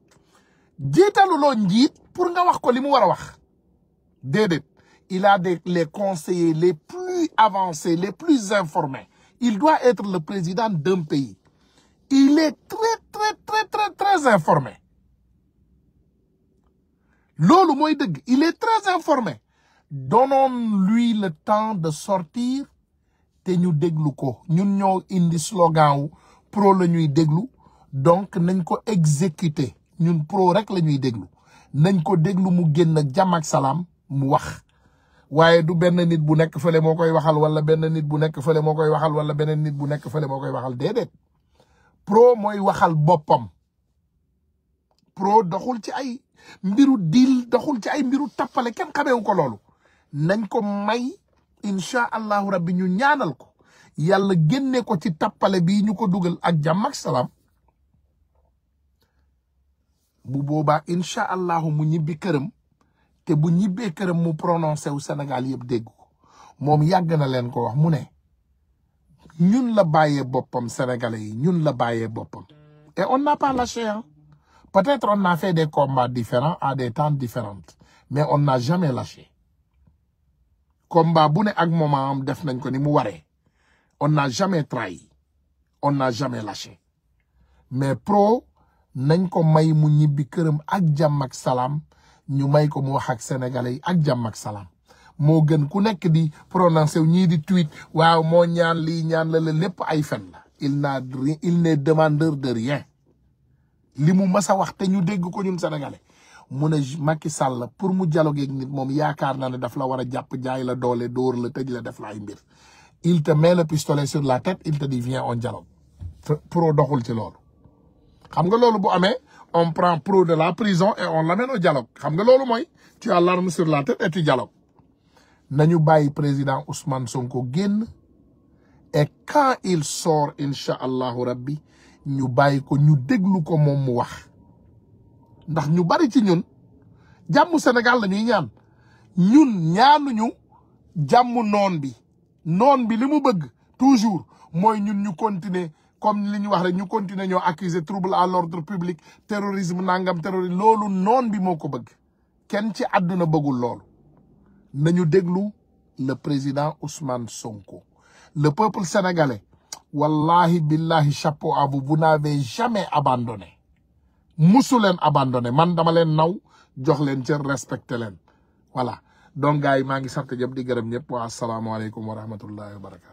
jiitaluloo njiit pour nga wax ko li mu war a wax déedéet il a des les conseillers les plus avancés les plus informés il doit être le président d'un pays il est très très très très très loolu mooy dëgg il est très informé donnons-lui le temps de sortir te ñu déglu ko ñun ñoo indi slogan wu pro la ñuy déglu donc nañ ko exécuter ñun pro rek la ñuy déglu nañ ko déglu mu génn ak jàmm salaam mu wax waaye du benn nit bu nekk fële moo koy waxal wala benn nit bu nekk fële moo koy waxal wala beneen nit bu nekk fële moo koy waxal déedéet pro mooy waxal boppam pro doxul ci ay mbiru diil doxul ci ay mbiru tappale kenn xameewu ko loolu nañ ko may incha allahu rabbi ñu ñaanal ko yàlla génne ko ci tappale bii ñu ko dugal ak jàmm salaam bu boobaa incha allahu mu ñibbi këram te bu ñibbee këram mu prononcé wu senegal yëpp dégg ko moom yàgg na leen ko wax mu ne ñun la bàyyee boppam sénégalais yi ñun la bàyyee boppam. et on n'a pas lâché hein peut on a fait des combats différents à des temps différentes mais on n'a jamais lâché combat bu ne ak moment am def nañ ko ni mu waree on n'a jamais trahi on n'a jamais lâché mais pro. nañ ko may mu ñibbi këram ak jàmm salaam ñu may ko mu wax ak sénégalais yi ak jàmm ak salaam moo gën ku nekk di prononcé wu ñii di tweet waaw moo ñaan lii ñaan la la lépp ay fen la il n'a demandeur de rien li mu mas a wax te ñu dégg ko ñun sénégalais mu ne Macky Sall pour mu dialoguer ak nit moom yaakaar naa ne daf la war a jàpp jaay la doole door la tëj la def la ay mbir il te met le pistolet sur la tête il te dit viens on dialogue pro doxul ci loolu xam nga loolu bu amee on prend Pro de la prison et on l'amène au dialogue xam nga loolu mooy tu as l'arme sur la tête et tu dialogues nañu bàyyi président Ousmane ko génn et quand il sort incha allahu rabbi ñu bàyyi ko ñu déglu ko moom mu wax ndax ñu bari ci ñun jàmm Sénégal lañuy ñaan ñun ñu jàmm noon bi noon bi li mu bëgg toujours mooy ñun ñu continuer comme li ñu wax rek ñu continuer ñoo accuser trouble à l'ordre public terrorisme nangam terrorisme loolu noon bi moo ko bëgg kenn ci àdduna bëggul loolu nañu déglu le président Ousmane Sonko le peuple sénégalais wallahi billahi chapeau à vous vous n'avez jamais abandonné musu leen abandonné man dama leen naw jox leen cër respecté leen voilà donc gars maa ngi sant ñëpp di gërëm ñëpp waa asalaamaaleykum wa rahmatullahi wa barakatu